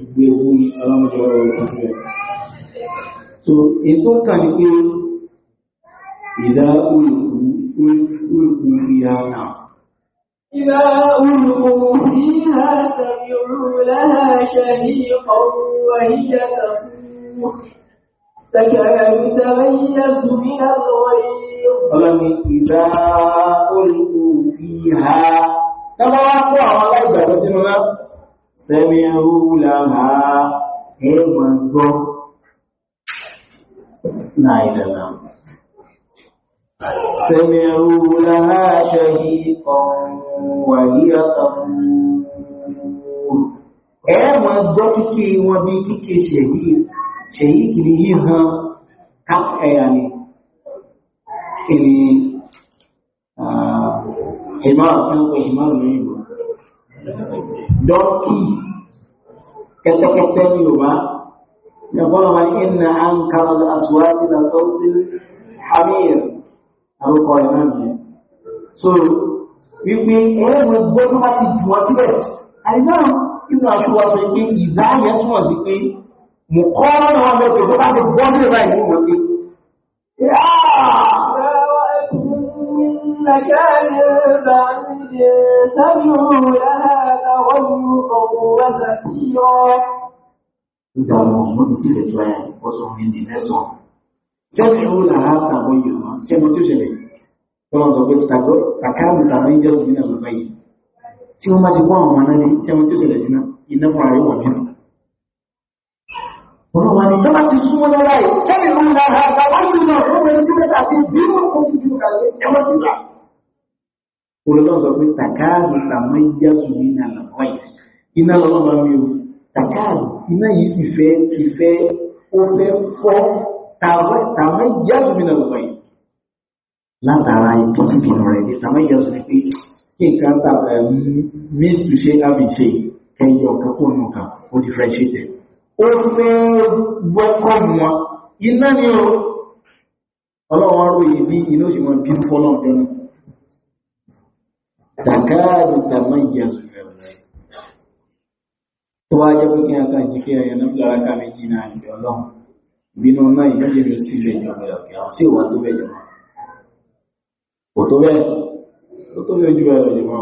ìgbé gbó ní ọlọ́mọdé ọ̀rọ̀ ìpàdé so ètò kà ní pé ìdá olùkú ìyá náà إذا ألقوا فيها سمعوا لها شهيقا وهي تصوح تكاد تميز من الغيظ إذا ألقوا فيها كما أقوى على الله سمعوا لها هي من لا إله إلا الله سمعوا لها شهيقا وهي تقول ẹ̀mọ̀ gbọ́ kíkí wọn bí kíkí ṣèyíkì ní yíhan káàkiri ni kiri ìmáà fún ọkọ̀ ìmáà lórí ìlú dọ́kì kẹtẹkẹtẹ ní yorùbá ní ọgbọ́nà wáyé ní àǹkàrà aswájì na sọ́ọ̀tì hamir àrùkọ ìná nìyẹn so wípé ẹlẹ́wọ̀n gbọ́ tó bá ti jù wọ́n síbẹ̀ àìná inú aṣọwọ́ sọ pé ìdá yẹn túnmọ̀ sí pé mo kọ́ ọ́nà wọn mẹ́tò tó bá ṣe bọ́ sí ìrà ìlú wọn pé مكان بعيد سمعوا لها تغيظا وزفيرا. إذا sẹ́mi ó là á tàbọ̀ yìí lọ́wọ́ ṣé mo tí ó ṣẹlẹ̀ tó wọ́n sọ pé tàbọ̀ àkáàmù tàbọ̀ yìí jẹ́ òbí náà lọ́wọ́ yìí tí wọ́n bá ti kó àwọn ọmọ náà ní ṣé mo tí ó ṣẹlẹ̀ sí náà iná fún ààrẹ wọ̀ nínú. ọ̀rọ̀ wa ni tó bá ti súnmọ́ lára ẹ̀ sẹ́mi ó là á tàbọ̀ yìí náà ó mẹ́rin sí mẹ́ta àti bí wọ́n kó ti ju kàlẹ́ ẹwọ́ sí là. olùdó sọ pé tàmẹ́yẹ́sù mi lọ́wọ́ yìí látara ibi tí ìbìnà rẹ̀ ní tàmẹ́yẹ́sù ní pé kí nǹkan ta mísù ṣe àbìṣe kẹyọ ọ̀kan kó nù kan ó ti fẹ́ ṣe tẹ̀ ó fẹ́ wọ́kọ̀ wọn iná ni ó ọlọ́wọ́ rò yìí bí iná ó sì mọ bí fọ́nà ọ̀dọ́nà tàkáàdù tàmẹ́yẹ́sù tó wáyé pé kí nǹkan jí kí ẹ̀yẹ náà lára ká méjì náà ìbínú náà ìjọ́jẹ́ mi sí ilé ìjọba ọ̀gá tí ò wá tó bẹ̀ jọmọ́ kò tó bẹ̀ tó tó bẹ̀ jù bẹ̀ lọ jọmọ́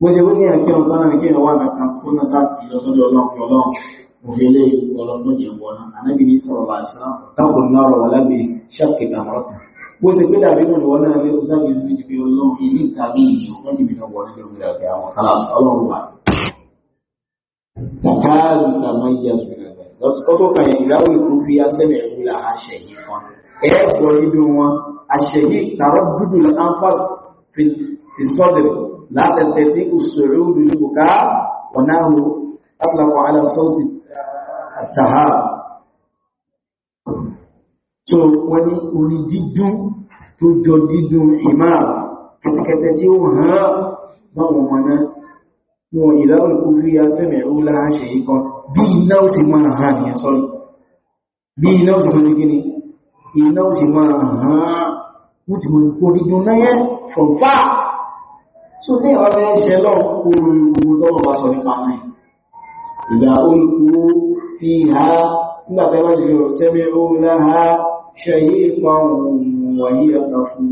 bó ṣe wíkẹ́ ẹ̀kẹ́ ọ̀gá náà kí ẹ̀wà kàkà kó náà sáàtì lọ́sọ́dọ̀ ọlọ́run ọlọ́run òfìlẹ̀ ọlọ́run jẹ̀ wọ́n anábì ní sọ̀rọ̀ àṣà táwọn náà wà lábẹ́ ṣàkìtà pé dàbí náà wọ́n náà lé sí ibi ọlọ́run ilé ìtàbí ìyẹn wọ́n wọ́n nílò ìgbéra àwọn kálá wà lọ́sọ́tọ́ kan ìgbàwó ìkú fi asẹ́mẹ̀ ìwúlà aṣẹ̀yí kan ẹ̀ẹ́gbọ́ nínú wọn aṣẹ̀yí tààrọ dúdú lánfàs fi sọ́dẹ̀ látẹ̀sẹ̀ tí òṣèré olùlúgbò ká ọ̀náhù atlàkọ̀ alásọ́ọ̀tì àtàhà tó wọ́n ní orí dídún tó jọ dídún ìmá kẹtẹkẹtẹ tí ó hàn báwọn mọ̀ná wọn ìlàwó ìkú fi asẹ́mẹ̀ ìwúlà aṣẹ̀yí kan bí iná ó sì máa hàn ní ẹ̀sọ́nù bí iná ó sì máa nígbé ni iná ó sì máa hàn wọ́n ti mọ̀ ìpò dídún náyẹ́ so ní ẹ̀wà fi ha nígbà wàyí àtàfù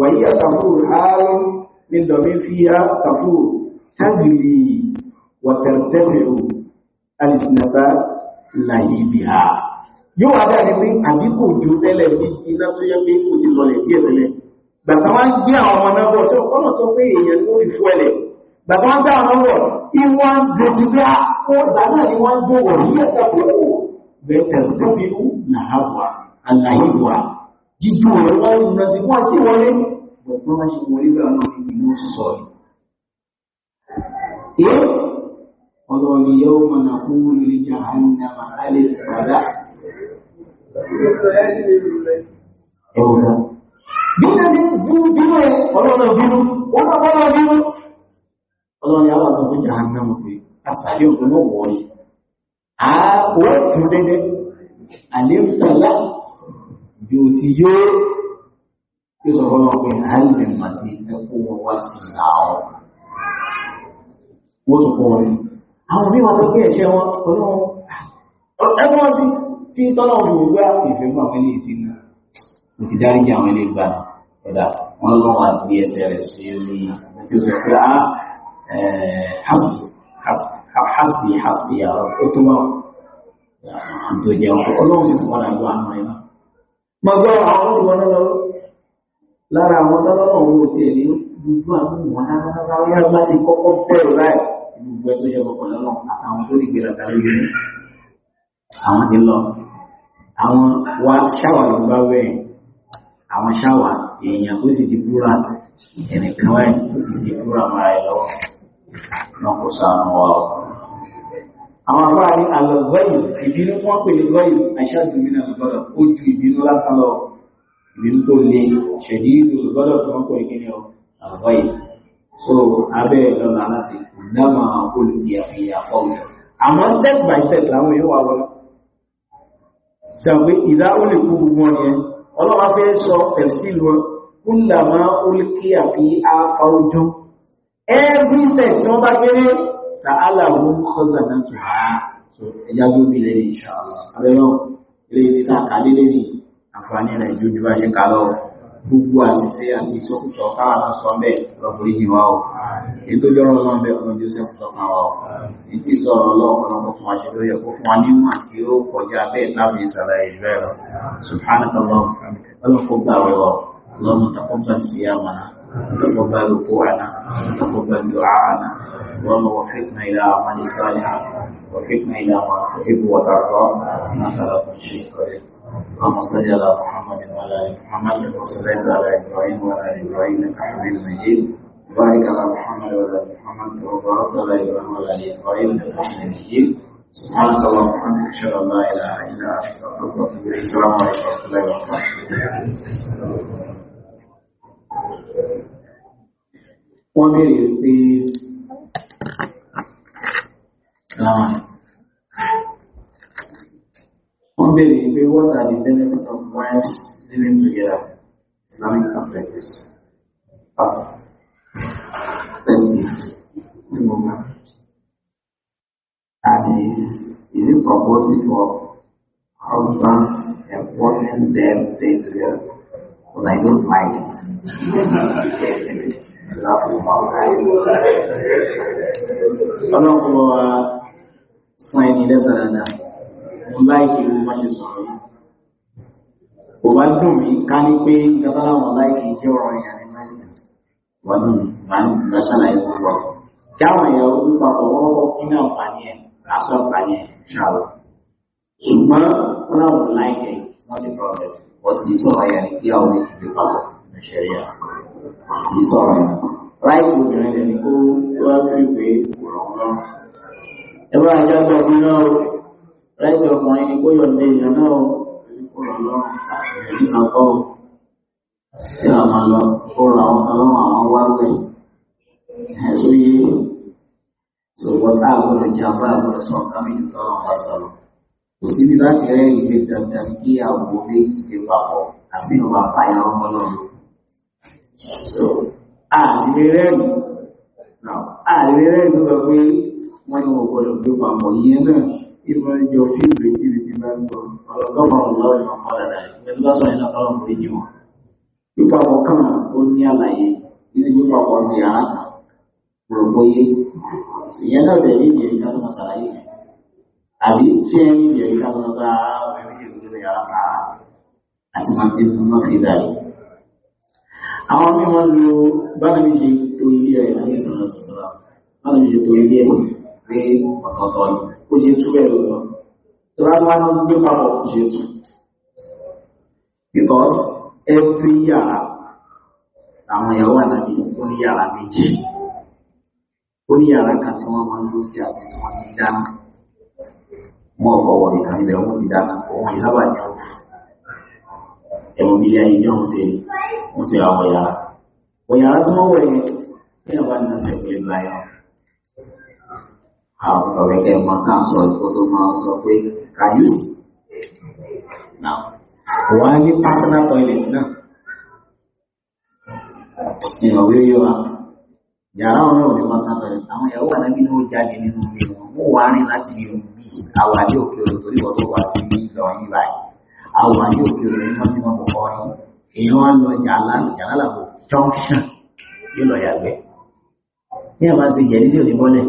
ọlọ́ni ní dọ̀mí fi ha tàfù وترتفع النفاء لهيبها yóò wá dáa ní pé àdínkù ju tẹ́lẹ̀ bí iná tó yẹ pé kò ti lọlẹ̀ díẹ̀ tẹ́lẹ̀ gbàtà wọ́n gbé àwọn ọmọ náà bọ̀ tí ọ̀pọ̀lọ̀ tó pé èèyàn ló rí fún ẹlẹ̀ gbàtà wọ́n dáa náà bọ̀ ìwọ̀n gbòtí bí a kó dáadáa ni wọ́n gbòwò ní ẹ̀ta tó wù bẹ́tẹ̀ tó fi wù làhàbùà àlàyébùà jíjú rẹ̀ wọ́n ń lọ sí wọ́n sí wọlé bọ̀ ọlọ́ni yóò mọ̀ nà kú lórí jahannama alẹ́ ìfàdá. Ẹ̀wọ̀n bí náà ti bínú bínú ẹ̀ ọlọ́nà bínú ó náà bọ́lá bínú. ọlọ́ni àwọn àṣọ fún jahannama pé àṣàlẹ̀ òkun náà wọ̀ ni. a kò tún dẹ́dẹ́ alẹ́ ìfàdá bí o ti yóò yóò sọ fọ́nà pé àìlè màtí ẹkú wọn wá sí àwọn. Wọ́n tún kọ́ wọn sí àwọn mímọ̀ tó kí ẹ̀ṣẹ́ wọn ọlọ́run ẹgbọ́n sí tí tọ́lọ̀wọ̀ ìwé ìfẹ́ fún àwọn ilé ìsinmi mo ti dárí jẹ́ àwọn ilé ìgbà ọ̀dà wọn lọ́wọ́ àgbé ẹsẹ̀ rẹ̀ sí orí tí ó sọ pé a hasbi hasbi àwọn ó tó máa àjò jẹ́ ọkọ̀ ọlọ́run sì tún padà lọ àwọn ẹ̀rọ mo gbọ́ àwọn olùwọ́ lọ́wọ́ lára àwọn tọ́lọ́wọ̀ wọn ò tiẹ̀ ní gbogbo àwọn ìwọ̀n lára lára lára láti kọ́kọ́ bẹ̀rù láì gbogbo ẹgbẹ́ yẹ ọkọ̀ lọ́nà àtàwọn tó lè gbéra tàbí rẹ̀ àwọn ti lọ àwọn wa ṣáwà ló bá wẹ̀ àwọn ṣáwà èèyàn tó sì ti búra ẹnìkan wáyé tó sì ti búra mara ẹ lọ́wọ́ náà kò sànù wa o. àwọn afárá ní alọ́gọ́yì ìbínú tí wọ́n pè ní gọ́yì aṣáájú mi náà gbọ́dọ̀ ó ju ìbínú lásán lọ ìbínú tó le ṣèdí ìlú gbọ́dọ̀ tí wọ́n pè ní kíni ọ so abẹ́ ẹ̀ lọ́nà láti ìnáma olùdíyàfìyà fọ́nà àmọ́ step by step láwọn yóò wà wọ́n ṣàgbé ìdá ó lè kú gbogbo wọn yẹn ọlọ́wọ́ fẹ́ sọ tẹ̀síl wọn kúlàmá olùkíyà fi afa ojú every set tí wọ́n bá kéré sàálà mú kọ́sà náà tó ha ẹjá ló bí lẹ́yìn ìṣàlọ́ abẹ́rán ilé ìdíkà kálé lẹ́yìn àǹfààní rẹ̀ ìjójú bá ṣe gbogbo àṣìṣe àti ìṣọ́kùsọ káwọn sọ bẹ́ẹ̀ lọ́kùnrin yìí wá o èyí tó jọrọ lọ́n bẹ́ẹ̀ fún joseph sọkàn wa o èyí tí sọ̀rọ̀ lọ́wọ́ lọ́kọ̀ fún àṣẹ lórí ẹ̀kọ́ fún wa níwọ̀n àti ó kọjá bẹ́ẹ̀ láti ìsàlàyé bẹ́ẹ̀ lọ subhanallah ọlọ́kọ̀ gbà wẹ̀ wọ lọ́mọ taqabbal siyamana taqabbal ruku'ana taqabbal du'ana اللهم وفقنا الى اعمال صالحه وفقنا الى ما تحب وترضى انك لا تشرك بك اللهم صل على محمد وعلى ال محمد وصليت على ابراهيم وعلى ال ابراهيم انك حميد مجيد وبارك على محمد وعلى ال محمد وبارك على ابراهيم وعلى ال ابراهيم انك حميد مجيد سبحانك اللهم وبحمدك اشهد ان لا اله الا انت استغفرك السلام عليكم ورحمه الله وبركاته. wọ́n béèrè pé béèrè pé what are the benefits of wives living together Islamic perspectives as Thank you. gbogbo and is is it proposed for husbands and forcing them stay together because I don't like it. Ọlọ́run kọ́ wa sọ ẹni lẹ́sàn-án náà. mo láìkì mo bá ṣe sọ̀rọ̀ yìí kò bá dùn mí ká ní pé ìjọba láwọn láìkì jẹ́ ọ̀rọ̀ ìyàní mẹ́sìn wọ́n dùn máa ń lọ́sàlà ìlú lọ kí àwọn èèyàn ojú papọ̀ wọ́n wọ́n kí ní àǹfààní ẹ̀ lásán àǹfààní ẹ̀ ṣàlọ́ ṣùgbọ́n wọ́n láwọn láìkì wọ́n ti bọ̀ ọ̀rẹ́ wọ́n sì sọ̀rọ̀ ìyàní kí àwọn ìdílé papọ̀ obìnrin ẹni kó wá rẹ́ǹtì ọkùnrin ni kó yọ̀ǹde èèyàn náà ó kó ràn lọ́rùn nǹkan kọ́ ó sí àwọn lọ kó ràn àwọn kan lọ́rùn àwọn wá wẹ̀ ẹ̀ tó yé ṣòwò tá a gbọ́dọ̀ jẹ́ abá a gbọ́dọ̀ sọ nǹkan méjì tó ràn wá sọ̀rọ̀ kò síbi láti rẹ́ ìgbé dandan kí àwọn méjì lè papọ̀ àbí ìwà apáyà ọmọ lọ́rùn. àti rẹ́ẹ̀mù àti rẹ́ẹ̀mù sọ pé wọ́n ní wọ́n gbọ́dọ̀ gbé papọ̀ yẹn náà. ìmọ̀-ẹjọ́ fíìlù ìtìrìtì máa ń gbọ́ ọlọ́gbọ́n ọlọ́rin ọmọdé pẹ̀lú lọ́sọ̀ ìlọ́kọ́lọ́ ìjọ pípapọ̀ kan ó ní àlàyé nínú pípapọ̀ ní ara rògbóyé ìyẹn náà bẹ̀rẹ̀ ní ìjẹ̀rí ká tó máa ṣàlàyé àbí tí ẹ ní ìjẹ̀rí ká tó máa bá ẹ̀rí ìjẹ̀rí ara ká àti máa ti sún náà iya e fi dàrí. àwọn mi wọn lo bára mi ṣe tó ilé ẹ̀ mi ni. kò yé tú bẹ́ẹ̀ lọ tọ́lá tó wá ní gbé papọ̀ kò yé tú because every yàrá àwọn ìyàwó àdàbí ó ní yàrá méjì ó ní yàrá kan tí wọ́n máa ń lò sí àti tí wọ́n ti dáná mọ́ ọ̀pọ̀ wọ̀ nìkan ilẹ̀ wọ́n ti dáná òun ìsábà ní ọ̀fù ẹ̀wọ̀n ilé ayé jẹ́ wọ́n ṣe wọ́n ṣe àwọn yàrá wọ̀nyàrá tí wọ́n wọ̀ yẹn ní ọ̀bá ní ọ̀sẹ̀ pẹ̀lú ayọ̀ àwọn ọ̀rẹ́ ẹ̀ wọn náà sọ ìkó tó máa sọ you see now personal toilet náà ìrọ̀ wí yóò wá yàrá ọ̀rẹ́ òní personal toilet àwọn ìyàwó ànábì náà ó jáde nínú ilé wọn ó wà rìn láti ní omi àwọn àdé òkè òdò torí wọ́n tó wà sí ìlọrin báyìí àwọn àdé òkè òdò ní wọ́n ti mọ̀ kọ́ ọ̀rìn èèyàn wá lọ yàrá làbò junction yóò lọ yàgbẹ́ ní àmà ṣe jẹ̀rí tí ò ní bọ́lẹ̀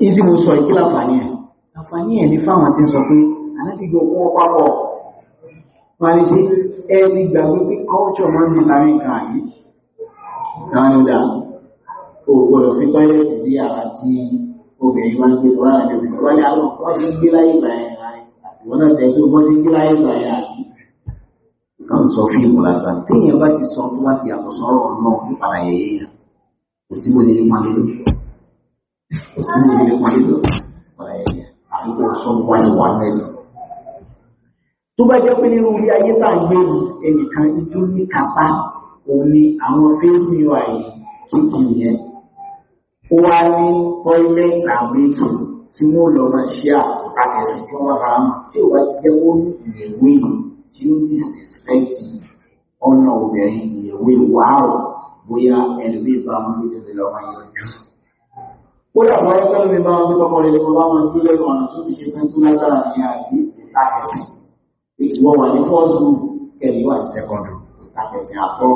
ní tí mo sọ ìkí láfàní ẹ̀ láfàní ẹ̀ ní fáwọn tí ń sọ pé alábìgbò wọn pápọ̀ wọ́n ní sí ẹni gbàgbé pé culture máa ń di láàrin nǹkan àyí láàrin o gbọ́dọ̀ fi tọ́lẹ̀tì sí ara tí obìnrin máa ń gbé tọ́lá àjọ ìgbà wọ́n ní àwọn ọ̀pọ̀ ti ń gbé láyé ìgbà kan sọ fíìmù lásán téèyàn bá ti sọ tó bá ti yàtọ̀ sọ́rọ̀ náà nípa ayẹyẹ yẹn kò sí mo lè ní pàdé lò kò sí mo lè ní pàdé lò àdúgbò sọ wáyé wà mẹ́sì. tó bá jẹ́ pé nínú orí ayé tá à ń gbé ni ẹnìkan ijó ní kápá òun ni àwọn fẹ́ẹ́sì UI kéèkì yẹn ó wá ní toilet àbẹ́tò tí wọ́n lọ máa ṣe àkókò àtẹ̀sí tí wọ́n ra mọ́ tí ò bá ti jẹ́ ó ní ìwé ìlú tí ó ní sẹ́sìpẹ́ǹtì ọ̀nà obìnrin ìyẹ̀wò ìwárò bóyá ẹlòmíì bá ń gbé tẹ̀lé lọ́wọ́ yọjú. ó dàbọ̀ ẹgbẹ́ mi bá wọn tọ́kọ rẹ̀ lọ́wọ́ bá wọn dúró lẹ́nu ọ̀nà tó fi ṣe fún tó lágbára ní àbí àkẹ́sì. ìwọ wà ní fọ́ọ̀sù kẹ̀lú wà ní sẹ́kọ̀ndù àkẹ́sì àpọ̀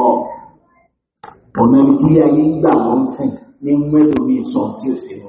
ọ̀nà ibi ayé ń gbà wọ́n sìn ní mẹ́lòmíì sọ tí ò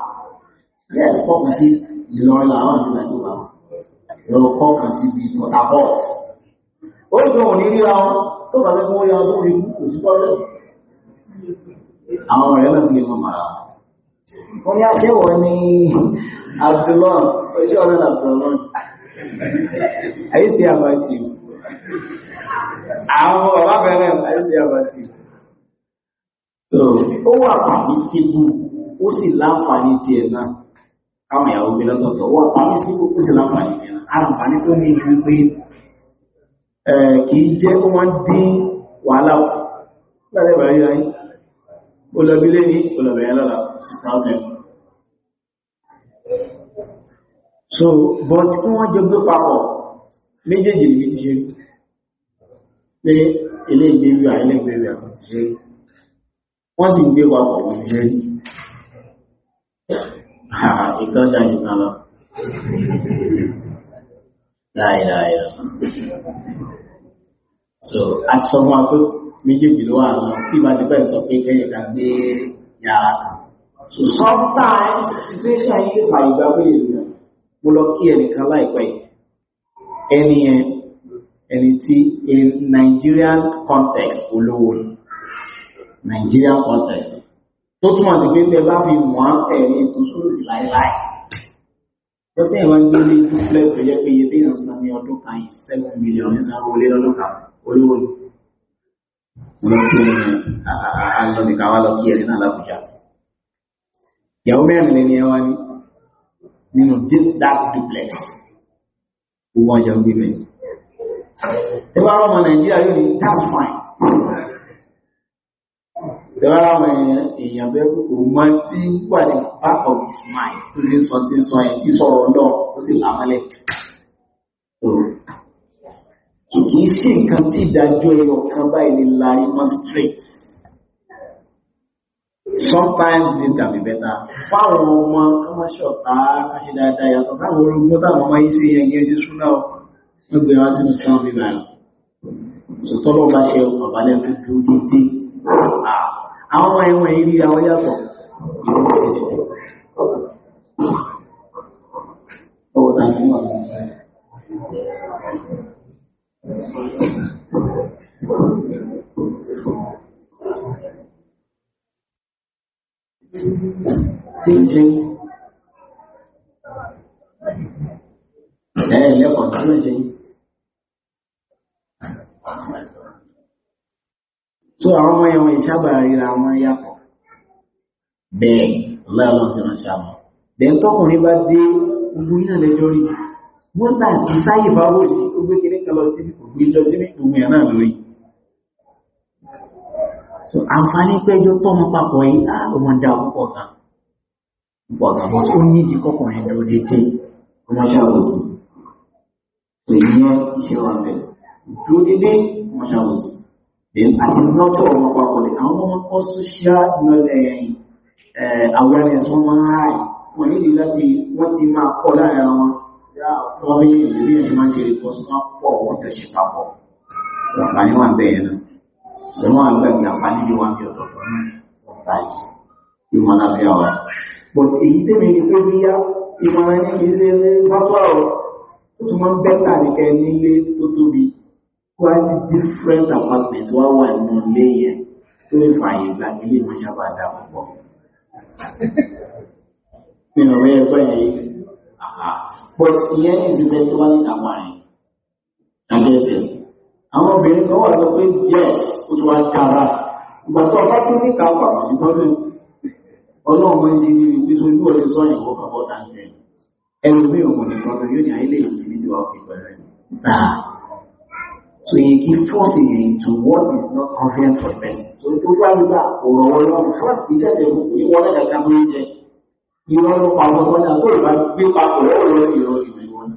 bẹ́ẹ̀ fọ́kàn sí Ìlọrin làwọn ìgbà tó wà lọ fọ́kàn sí bí Port Harcourt ó ní kí wọn ní ríra wọn tó bá fẹ́ kí wọ́n yá wọn lórí kò sí pọ́lẹ́ àwọn ọ̀rẹ́ náà sì lè mọ̀ màrà wọn ní àṣẹwọ̀ ní Abdullahi ojú ọ̀rẹ́ náà Abdullahi ayé sí àbájì àwọn ọ̀rọ̀ abẹ́rẹ́ ayé sí àbájì ó wà pàmí síbú ó sì láǹfààní tiẹ̀ náà káwọn ìyàwó gbé lọ́tọ̀ọ̀tọ̀ wọ́n pàmí sí kókó sí láǹfààní yẹn àǹfààní tó ní ìlú pé kì í jẹ́ kó wọ́n dín wàhálà kù láti ẹ̀bà ríra yìí ó lọ bí lé ní olùbẹ̀ yẹn lọ́la sí problem so but kí wọ́n jọ gbé papọ̀ méjèèjì ní ti ṣe pé ilé ìgbéwì àìlé ìgbéwì àkọsíṣe wọ́n sì ń gbé papọ̀ òṣìṣẹ́ ìkọjá nìkan lọ láìláìlá so asọmọ pé méjèèjì ló wà lọ tí ìbá ti bẹ́ẹ̀ sọ pé sometimes situation yìí fà ìgbà pé èèyàn mo lọ kí ẹnìkan láìpẹ́ ẹni in Nigerian context alone. Nigerian context tó túmọ̀ sí pé tẹ bá fi wọ́n ẹ̀rí ìtúsúrù sí láéláé ó sì ẹ̀wọ̀n gbé ní duplex tó jẹ́ pé iye tí èèyàn san ní ọdún kan yìí seven million ní san owó lé lọ́dún kan olówó ni wọ́n tún ní alọ́nìkan wá lọ kí ẹ̀rí náà lábùjá ìyàwó mẹ́rin lé ní ẹwọ́n ní nínú that duplex gbogbo ọjọ́ gbé bẹ́ẹ̀ ẹ bá rọ́mọ Nàìjíríà yóò ní that's fine There are èèyàn bẹ́ẹ̀ pé kò mọ tí wà ní back of his mind tó ní sọ tí ń sọ yẹn kí sọ̀rọ̀ náà ó sì lámọ́lẹ̀. Kìkì í ṣe nǹkan tí ìdájọ́ ẹyọ kan báyìí ní la ìmọ̀ straight. Sometimes things can be better. Fáwọn ọmọ kí wọ́n ṣọ̀tá ká ṣe dáadáa yàtọ̀ sáwọn orogún táwọn ọmọ yìí ṣe yẹn yẹn ṣe súná ọ. Wọ́n gbé wá sínú sáwọn bíbá yìí. Sọ̀tọ́ lọ́ba ṣe ọ̀bálẹ̀ tó dúró déédéé. đi đâu vậy ọmọ ẹ̀wọ̀n yìí ríra wọ́n yàtọ̀ Thinking. Ẹ lẹ́kọ̀ọ́ tó ló ṣe yìí. tó àwọn ọmọ ẹ̀wọ̀n ìṣàbà ríra wọn yàtọ̀ bẹ́ẹ̀ lọ́lọ́ ti ràn ṣàmọ́ bẹ́ẹ̀ tọkùnrin bá dé ogun iná lẹ́jọ́ rí mọ́sà sí sáyè fáwọ́ sí ó gbé kan lọ sí ògbé lọ sí ògbé ẹ̀ náà lórí so àǹfààní péjọ tọmọ papọ̀ yìí ah, á ọmọ dá púpọ̀ kan púpọ̀ kan bọ́ tó ní ìdí kọkùnrin dúró déédéé ọmọ ṣàwòsí pè ní iṣẹ́ wa bẹ̀ dúró déédéé ọmọ ṣàwòsí àti nọ́tọ̀ ọmọ papọ̀ lè àwọn ọmọ kọ́ social eh, awareness wọn máa háì wọ́n nílì láti wọ́n ti máa kọ́ láàrin àwọn wọ́n bí ìrírí ẹ̀yìn máa ṣe ìkọ́ sí máa pọ̀ wọ́n tẹ̀ ṣe papọ̀ àǹfààní wà bẹ́ẹ̀ náà ṣùgbọ́n àgbà ní àǹfààní ni wọ́n fi ọ̀dọ̀ fún ọ̀tá yìí ìmọ̀nà bí ọ̀rọ̀ but èyí tèmi ni pé bí yá ìmọ̀nà ní kì í ṣe wọ́n tó àrọ̀ ó tún máa ń bẹ́tà nìkẹ́ nílé tó tóbi quite different apartment wá wà nínú ilé yẹn tó lè fààyè gba ilé ìmọ̀ sábà dá púpọ̀. mi ò rí ẹgbẹ́ yẹn but ìyẹn ní ìsinmi tó wá ní àwọn àyè àgbẹ̀bẹ̀. àwọn obìnrin kan wà sọ pé yes ó ti wá kára ìgbà tó ọba tó ní kápá ṣùgbọ́n mi ọlọ́run máa ń yí ní ibi tó ní ọdún sọ́yìn kó kàbọ̀ dáńtẹ̀ ẹnu mi ò mọ̀ nìkan yóò ní ayé lè yí ibi tí wàá fi pẹ̀lú ẹ̀ náà. Ah. So he keeps forcing you into what is not convenient for the person. So tó bá gbà ọ̀rọ̀ You want to ìjẹ́sẹ̀ gbogbo You want to come ń You want to pa ọmọ You want to gbé papọ̀ You want to ìrọ̀ ìwọ̀n.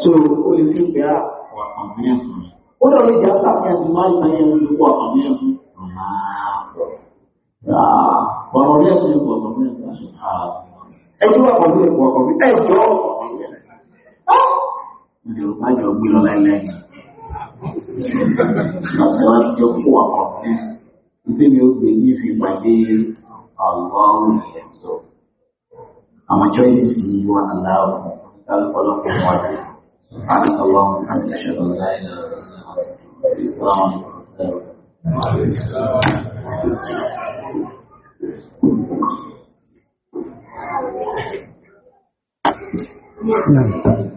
So ó lè fi pẹ́ àwọ̀ convenient fún mi. Ó lọ lè jẹ́ àtàkùn àti máa ń ta ẹni are convenient fún mi. Ọ̀rọ̀ mi ẹ̀sìn ìwọ̀ convenient fún mi. Ẹjọ́ are convenient fún ọkọ̀ mi. Ẹjọ́ Yorùbá yóò gbé lọ lẹ́lẹ́. Àwọn àjọ kó àkọ́. Ibi mi ó gbé ní fi pàdé ọ̀lọ́rùn ẹ̀tọ́. Àwọn choices yìí wà aláwọ̀ ọ̀pọ̀lọpọ̀ wọn. Àti ọlọ́run àti ìṣòro láì lọ sí ọ̀sán. Yeah.